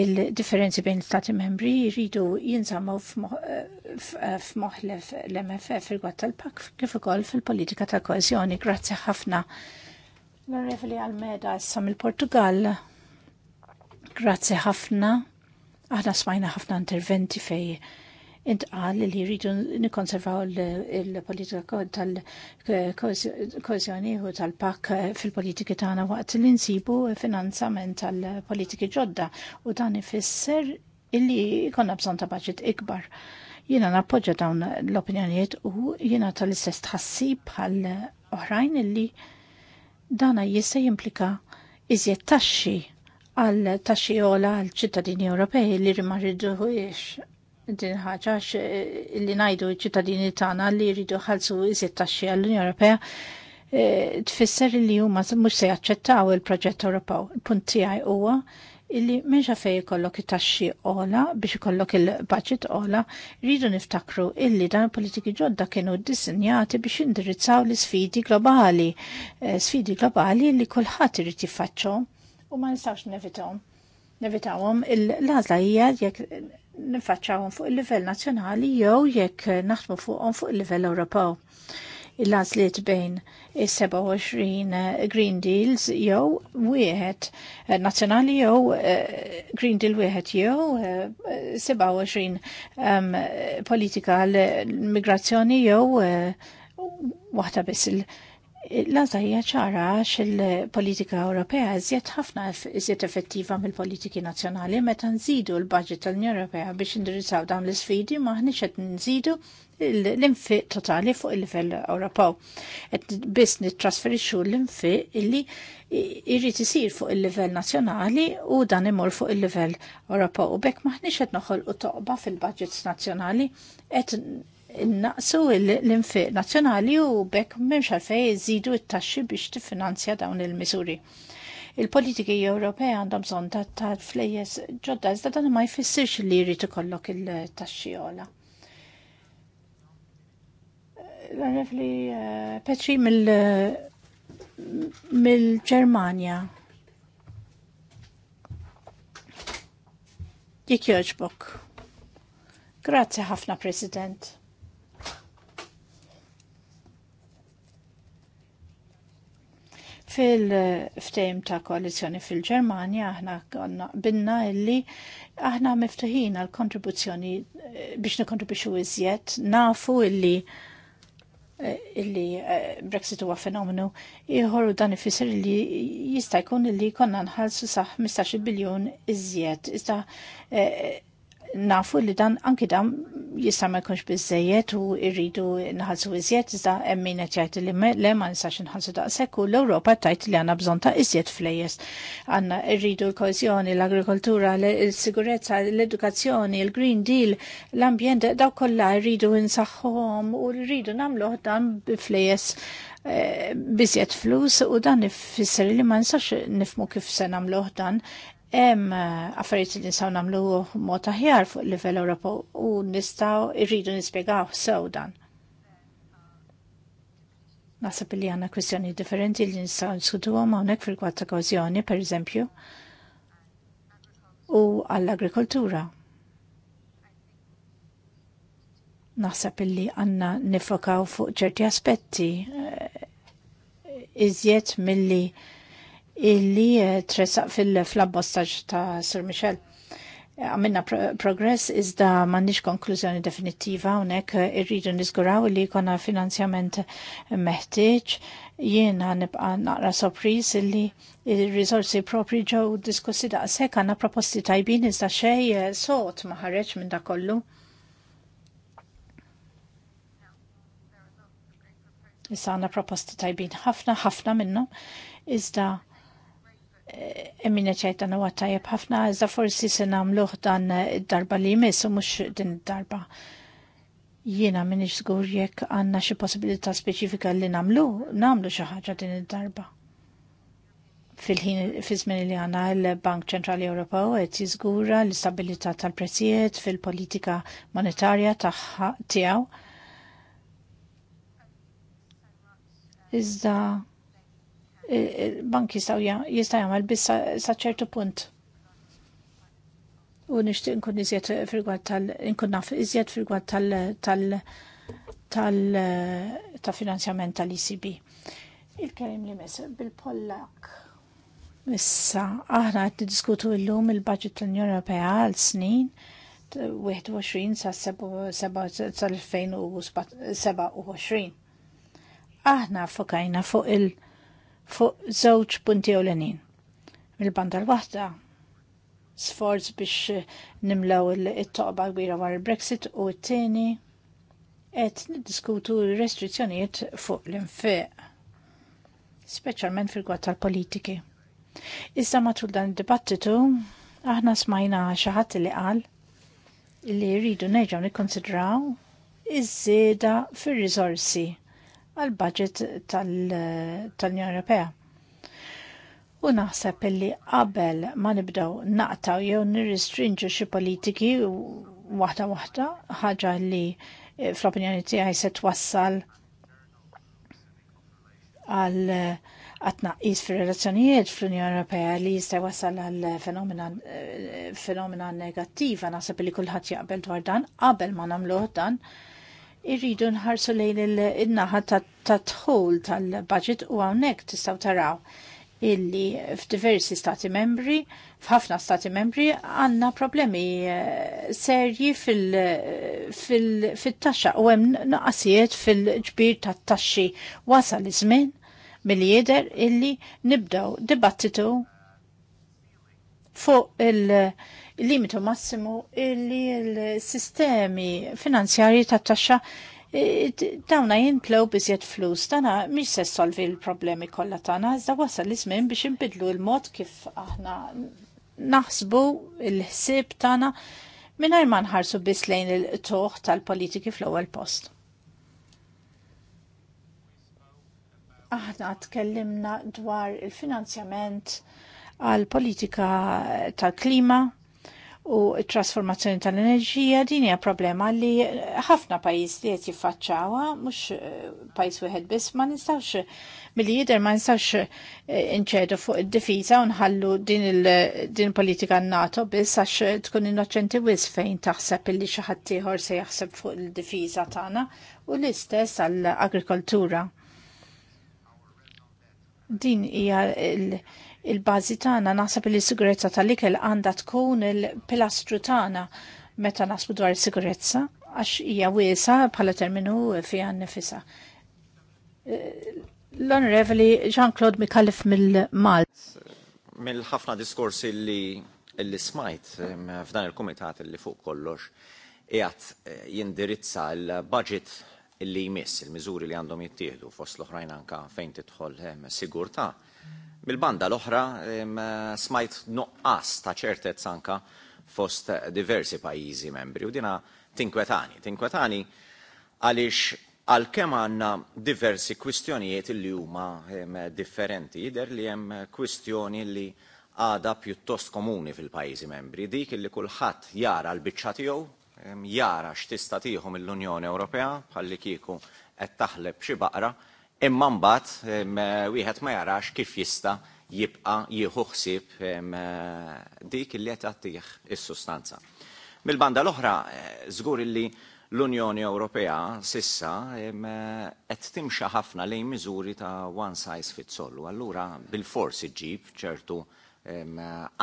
il-differenzi bejn l-Stati membri jridu jinżammu f'moħlef l-MFF il-gwatt tal-pak kif ukoll fil-politika ta' koezjoni. Grazzi ħafna. L-Onorevoli Almeda, sam il-Portugal. Grazzi ħafna Aħna smajna ħafna interventi fej intqal li jridu nikonservaw il-politika tal-kozjoni u tal-pak fil-politiki tagħna waqt li nsibu finanzament tal-politiki ġodda u dan ifisser illi jkollna bżonn ta' baġit ikbar. Jiena nappoġġa dawn l-opinjonijiet u jiena tal-istess tħassib bħal oħrajn illi dana jista' jimplika iżjed taxxi għal taxxiola għal ċittadini Ewropej li rimarriduħiex din ħaġa li najdu ċittadini tagħna li jridu ħalsu iżjed taxxi għall-Unjoni Ewropea eh, tfisser li huma mhux se jaċċettaw il-proġett Ewropew. Punt tiegħi huwa illi minxa fej ikollok it-taxxi ola biex ikollok il-budget ola, rridu niftakru illi dan il-politiki ġodda kienu dissenjati biex indirizzaw l sfidi globali, eh, sfidi globali li kullħat irid jiffaċċhom u ma nistax nevitawhom. Nevitawhom il-għażla hija jekk nifaċċawhom fuq il-livell nazzjonali jew jekk naħdmu fuqhom fuq il-livell Ewropew. Il-għażliet bejn is-27 eh, Green Deals jew wieħed eh, nazzjonali jew eh, Green Deal wieħed jew 27 politika l-migrazzjoni jew waħda biss il- L-għaza hija ċara għax il-politika Ewropea iżjed ħafna iżjed effettiva mill-politiki nazzjonali meta nżidu l-budget tal-Unjoni Ewropea biex indirizzaw dawn l-isfidi maħniex qed nżidu l-infiq totali fuq il-livell Ewropew. Qed biss nittrasferixxu l-infiq illi jrid isir fuq il-livell nazzjonali u dan imur fuq il-livell Ewropew u bekk maħniex qed noħolqu toqba fil-budgets nazzjonali qed innaqsu l-infiq nazzjonali u bekk memx għalfej iżidu t-taxxi biex tiffinanzja dawn il-miżuri. Il-politiki Ewropej għandhom bżonn ta' flejjes ġodda iżda dan ma jfissirx li jrid ikollok il-taxxi ola. li eh, Petri mill-Ġermanja. Jek joġbok. Grazie ħafna, President. Fil-ftejm ta' koalizjoni fil-Ġermanja aħna konna binna illi aħna miftuħin għal kontribuzzjoni eh, biex nikontribuxu iżjed nafu illi eh, illi eh, Brexit huwa fenomenu ieħor dan ifisser li jista' jkun illi konna nħalsu saħ 15 biljun iżjed. Iżda nafu li dan anki dan jista' ma jkunx biżejjed u rridu nħallsu iżjed iżda hemm min qed jgħid li le ma nistax inħallsu daqshekk u l-Ewropa tajt li għandna bżonn ta' iżjed flejjes. Għandna rridu l-kohesjoni, l-agrikoltura, l-sigurezza, l-edukazzjoni, il-Green Deal, l-ambjent daw kollha rridu nsaħħuhom u rridu nagħmlu dan flejjes eh, bizjet flus u dan ifisser li ma nistax nifmu kif se nagħmluh dan hemm eh, affarijiet li nistgħu nagħmlu mod aħjar fuq livell Ewropew u nistgħu irridu nispjegaw sew dan. Nasab li għandna kwistjoni differenti li nistgħu nskutuhom hawnhekk fil-kwatt ta' kożjoni, pereżempju, u għall-agrikoltura. Naħseb illi għanna nifokaw fuq ċerti aspetti eh, iżjed milli li illi eh, tresaq fil-flabbostaġ ta' Sir Michel. Għamilna progress iżda m'għandniex konklużjoni definittiva unek irridu nizguraw li konna finanzjament meħtieġ jiena nibqa' naqra sopris illi il-rizorsi propri ġew diskussi daqshekk għandna proposti tajbin iżda xejn eh, sot ma ħareġ minn dak kollu. Issa għandna proposti tajbin ħafna ħafna minnhom iżda Emmina ċajtan u għattajab ħafna, iżda forsi se namluħ dan darba li jmiss u mux din darba. Jiena minni xgur jekk għanna xi possibilità speċifika li namlu, namlu xi ħaġa din id-darba. Fil-ħin fil żmien li għandna l-Bank Ċentrali Ewropew qed jiżgura l-istabilità tal-prezzijiet fil-politika monetarja tiegħu. Iżda il banki jistaw jista' jagħmel biss sa ċertu punt. U nixtieq nkun iżjed fil-gwad tal nkun naf iżjed fil-gwad tal tal tal ta' finanzjament tal-ECB. Il-kelim li mis bil-Pollak. Issa, aħna qed diskutu llum il-budget tal-Unjoni Ewropea għal snin 21 sa' 2027. Aħna fokajna fuq il- fuq żewġ punti ewlenin. mil banda l-waħda sforz biex nimlaw it-toqba kbira wara il-Brexit u t-tieni qed niddiskutu restrizzjonijiet fuq l-infeq, speċjalment fil-gwatt tal-politiki. Issa matul dan id-dibattitu aħna smajna xi ħadd li qal li rridu neġaw nikkonsidraw iż-żieda fir-riżorsi għal budget tal-Unjoni Ewropea. U naħseb illi qabel ma nibdew naqtaw jew nirristrinġu xi politiki waħda waħda ħaġa li eh, fl-opinjoni tiegħi se twassal għal eh, għatnaqis fir relazzjonijiet fl-Unjoni Ewropea li jista' wasal għal eh, fenomena negattiva naħseb li kulħadd jaqbel dwar dan qabel ma nagħmluh dan irridu nħarsu lejn il-naħa ta' tħol tal-budget u għawnek tistaw taraw illi f'diversi stati membri, f'ħafna stati membri, għanna problemi eh, serji fil-taxxa u hemm naqasijiet fil-ġbir tat-taxxi. Wasal iż-żmien mill-jeder illi nibdaw dibattitu fuq il- il-limitu massimu li l-sistemi finanzjarji ta' taxxa e, dawna jintlew biżjed flus, dana mhix se solvi l-problemi kollha tagħna, iżda wasal l-iżmien biex inbidlu l-mod kif aħna naħsbu l-ħsieb tagħna mingħajr ma nħarsu biss lejn il-toħ tal-politiki fl-ewwel post. aħna tkellimna dwar il-finanzjament għal politika tal-klima u t trasformazzjoni tal-enerġija din hija problema li ħafna pajjiż li qed jiffaċċawha mhux eh, pajjiż wieħed biss ma nistgħux milli jidher ma nistgħux eh, inċedu fuq id-difiża u nħallu din il politika NATO biss għax tkun innoċenti wis fejn taħseb illi xi ħadd ieħor se jaħseb fuq il-difiża tagħna u l-istess għall-agrikoltura. Din hija il- il-bażi tagħna naħseb li s-sigurezza tal-ikel għandha tkun il-pilastru tagħna meta nasbu dwar is-sigurezza għax hija wiesa bħala terminu fiha nnifisha. L-Onorevoli Jean-Claude Mikallif mill-Mal. Mill-ħafna diskorsi li li smajt f'dan il-kumitat li fuq kollox qiegħed eh, jindirizza l-budget li jmiss il-miżuri li għandhom jittieħdu fost l-oħrajn anka fejn tidħol sigurtà. Mil-banda l-oħra smajt nuqqas ta' ċertezz anka fost diversi pajjiżi membri u dina tinkwetani. Tinkwetani għaliex għal kemm għandna diversi kwistjonijiet li huma differenti, jidher li hemm kwistjoni li għada pjuttost komuni fil-pajjiżi membri, dik li kulħadd jara l-biċċa tiegħu, jara x'tista' tieħu mill-Unjoni Ewropea bħalli kieku qed taħleb xi baqra Imma mbagħad wieħed ma jarax kif jista' jibqa' jieħu ħsieb dik li qed għattih is-sustanza. Mill-banda l-oħra, żgur li l-Unjoni Ewropea sissa qed timxa ħafna lejn miżuri ta' one size fits all. Allura bil-forsi ġib ċertu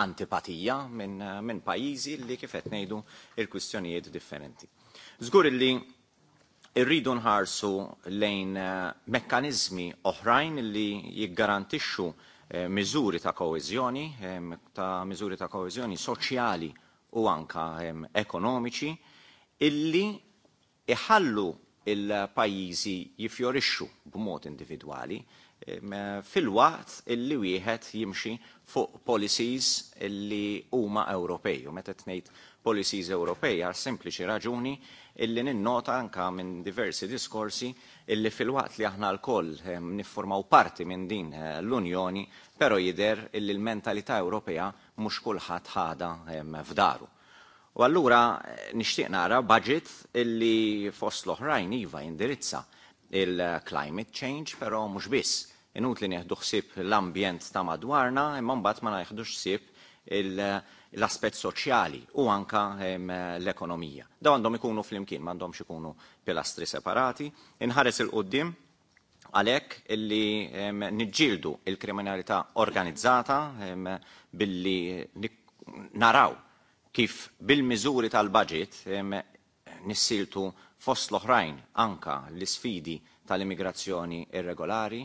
antipatija minn pajjiżi li kif qed ngħidu il-kwistjonijiet differenti. Żgur li irridu nħarsu lejn eh, mekkanizmi oħrajn li jiggarantixxu eh, miżuri ta' koeżjoni, ta' miżuri ta' koeżjoni soċjali u anka ekonomiċi illi iħallu il-pajjiżi jifjorixxu b'mod individwali fil-waqt illi wieħed jimxi fuq policies illi huma Ewropej. U meta tnejt policies Ewropej għal sempliċi raġuni illi ninnota anka minn diversi diskorsi illi fil-waqt li aħna l-koll eh, niformaw parti minn din eh, l-Unjoni, pero jider illi l-mentalità Ewropea mux kulħadd ħada eh, f'daru. U allura nixtieq nara budget illi fost l-oħrajn iva jindirizza il-climate change, pero mhux biss. Inut li ħsieb l-ambjent ta' madwarna, imma mbagħad ma neħduħsib ħsieb l-aspet soċjali u anka ehm, l-ekonomija. Da għandhom ikunu fl-imkien, għandhom ikunu pilastri separati. Inħares il-qoddim għalek illi ehm, nġildu il-kriminalità organizzata ehm, billi naraw kif bil-miżuri tal-budget nissiltu fost l-oħrajn anka l-sfidi tal-immigrazzjoni irregolari,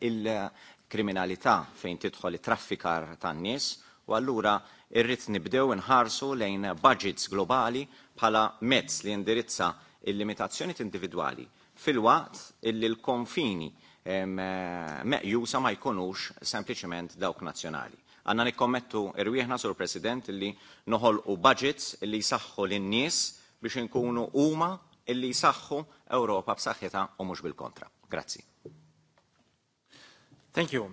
il-kriminalità fejn tidħol it-traffikar tan-nies, U allura irrit nibdew inħarsu lejn budgets globali bħala mezz li indirizza il-limitazzjoni individwali fil-waqt illi l-konfini meqjusa ma jkunux sempliciment dawk nazzjonali. Għanna nikkommettu irwieħna sur President illi noħol u budgets illi jisaxħu l-nies biex nkunu huma illi jisaxħu Ewropa b'saħħitha u mhux bil-kontra. Grazzi. Thank you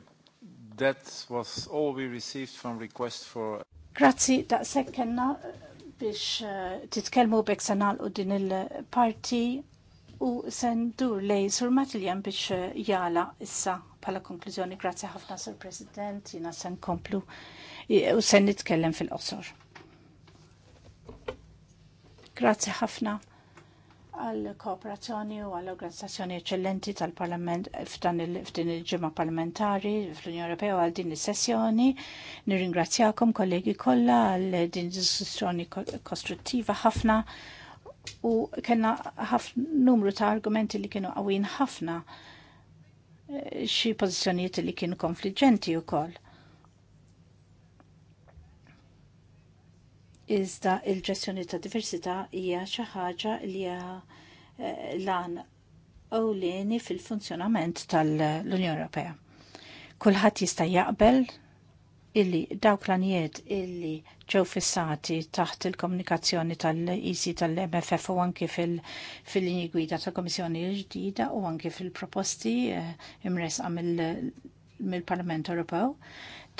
that was all we received from request for. Grazzi, da' sekkenna uh, biex uh, titkelmu bek sanal u din il-parti u sendur lej sur matiljan biex uh, jala issa pala konklużjoni. Grazzi ħafna sur President, jina sen komplu uh, u sen nitkellem fil-qosor. Grazzi ħafna għal kooperazzjoni u għall organizzazzjoni eccellenti tal-Parlament f'din il-ġimgħa parlamentari fl-Unjoni Ewropea għal din is-sessjoni. Nirringrazzjakom kollegi kollha għal din diskussjoni kostruttiva ħafna u kena ħafna numru ta' argumenti li kienu qawwin ħafna eh, xi pożizzjonijiet li kienu konfliġenti wkoll Iżda il-ġestjoni ta' diversità hija xi ħaġa li hija eh, lan ewlieni fil-funzjonament tal-Unjoni Ewropea. Kulħadd jista' jaqbel illi dawk l-anijiet illi ġew fissati taħt il-komunikazzjoni tal-EC tal-MFF u anki fil-linji gwida tal-Komissjoni l-ġdida u anki fil-proposti eh, imresqa mill-Parlament Ewropew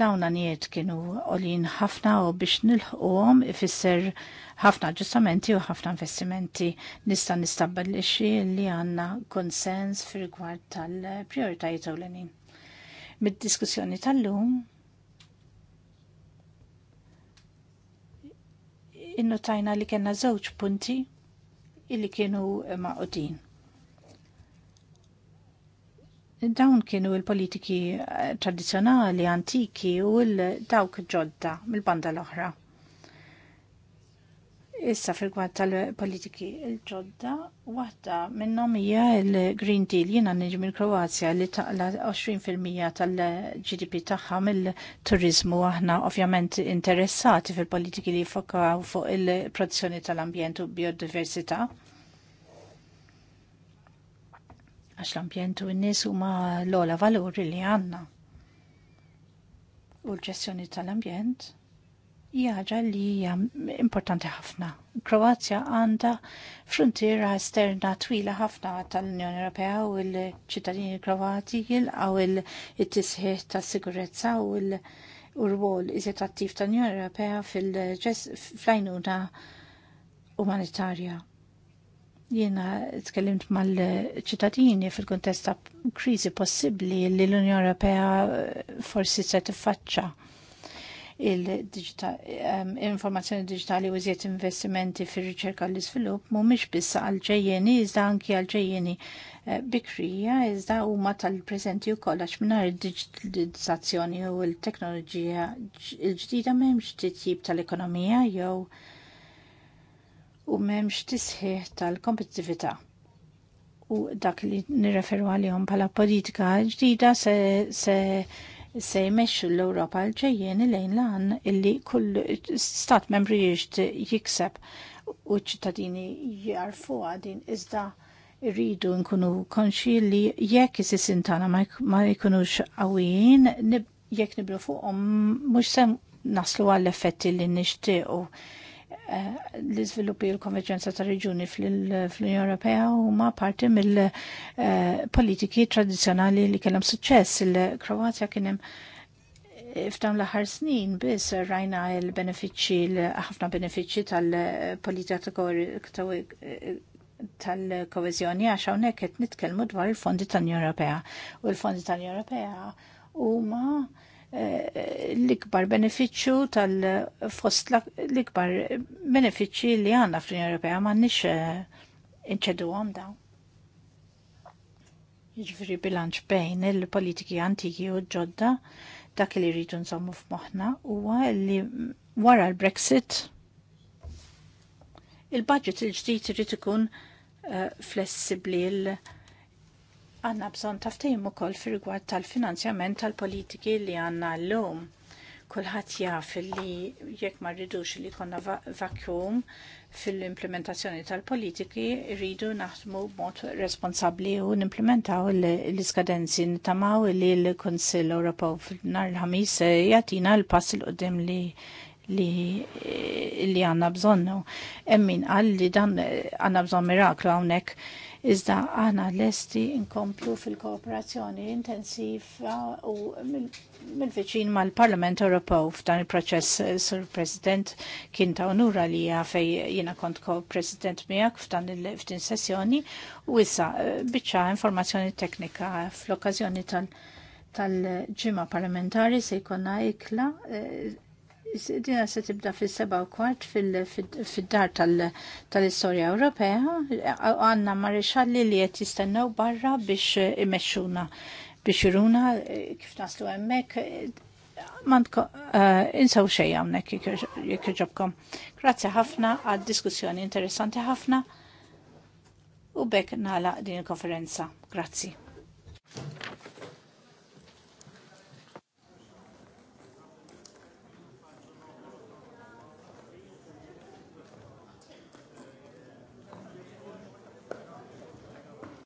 Dawn għaniet kienu olin ħafna u biex għom ifisser ħafna ġustamenti u ħafna investimenti. Nista nistabbilixi li għanna konsens fir rigward tal-prioritajiet ewlenin. Mid-diskussjoni tal-lum, innotajna li kena żewġ punti illi kienu maqodin. Dawn kienu il-politiki eh, tradizjonali, antiki u l-dawk ġodda mill-banda l-oħra. Issa fil gwatt tal-politiki il-ġodda, waħda minnom hija il-Green Deal, jina nġi mill-Kroazja li taqla 20% tal-GDP tagħha mill-turizmu, aħna ovvjament interessati fil-politiki li jfokaw fuq il produzzjoni tal-ambjent u biodiversità għax l-ambjent u n-nies huma l-ola valuri li għandna. U l-ġestjoni tal-ambjent hija li hija importanti ħafna. Kroazja għandha frontiera esterna twila ħafna tal-Unjoni Ewropea u l-ċittadini Kroati jilqgħu il-tisħiħ tas-sigurezza u l-rwol iżjed attiv tal-Unjoni Ewropea fil-għajnuna umanitarja Jiena tkellimt mal-ċittadini fil kontesta ta' kriżi possibbli li l-Unjoni Ewropea eh, forsi se tiffaċċa il-informazzjoni ehm, digitali u żiet investimenti fir riċerka l iżvilupp mhumiex biss għal-ġejjeni iżda anki għal-ġejjeni eh, bikrija iżda huma tal-preżenti wkoll għax mingħajr id-digitalizzazzjoni u l-teknoloġija l ġdida m'hemmx titjib tal-ekonomija jew u memx tisħiħ tal-kompetitività. U dak li nirreferu għalihom pala politika ġdida se, se se jmexxu l-Ewropa l-ġejjien lejn lan illi kull stat membri jixt jikseb u ċittadini jarfu għadin iżda rridu nkunu konxi li jekk is-sin ma jkunux qawwijin jekk nibru fuqhom mhux sem naslu għall-effetti li nixtiequ Eh, l-izviluppi u l-konverġenza ta' reġuni fl-Unjoni Ewropea huma parti mill-politiki eh, tradizzjonali li kellhom suċċess. Il-Kroatja kien hemm eh, f'dawn l-aħħar snin biss rajna l-benefiċċji ħafna benefiċċji tal-politika tal-koeżjoni għax hawnhekk qed nitkellmu dwar il-fondi tal-Unjoni Ewropea u l-fondi tal-Unjoni Ewropea huma l-ikbar beneficju tal-fost l-ikbar benefiċċji li għandna fl-Unjoni Ewropea m'għandniex eh, inċedu għom dawn. Jiġifieri bilanċ bejn il-politiki antiki u ġodda dak li rridu nżommu f'moħħna huwa li wara l-Brexit il-budget il-ġdid irid ikun eh, flessibbli l- -Brexit, Għanna bżon taftajmu kol fil rigward tal-finanzjament tal-politiki li għanna l-lum. Kulħat jaf li jekk ma rridux li konna vakjum fil-implementazzjoni tal-politiki, rridu naħdmu b'mod responsabli u nimplementaw l-iskadenzi nitamaw li l-Konsil Ewropew fil-nar l-ħamis jatina l-pass l-qoddim li li li għanna bżonnu. Emmin għalli dan għanna bżon miraklu għawnek Iżda aħna lesti nkomplu fil-kooperazzjoni intensiva u mill-viċin mal-Parlament Ewropew f'dan il-proċess sur President kien ta' onura li fej jiena kont ko-President miegħek f'dan il-ftin sessjoni u issa eh, biċċa informazzjoni teknika fl-okkażjoni tal- ġimgħa parlamentari se jkollna ikla eh, dina se tibda fil-7 u kwart fil-dar tal-istoria Ewropea, għanna marixalli li jett jistennaw barra biex imexxuna biex iruna eh, kif naslu emmek, mandko eh, insaw xej għamnek jek ġobkom. Grazie ħafna għad diskussjoni interessanti ħafna u bekk nala din il-konferenza. Grazie.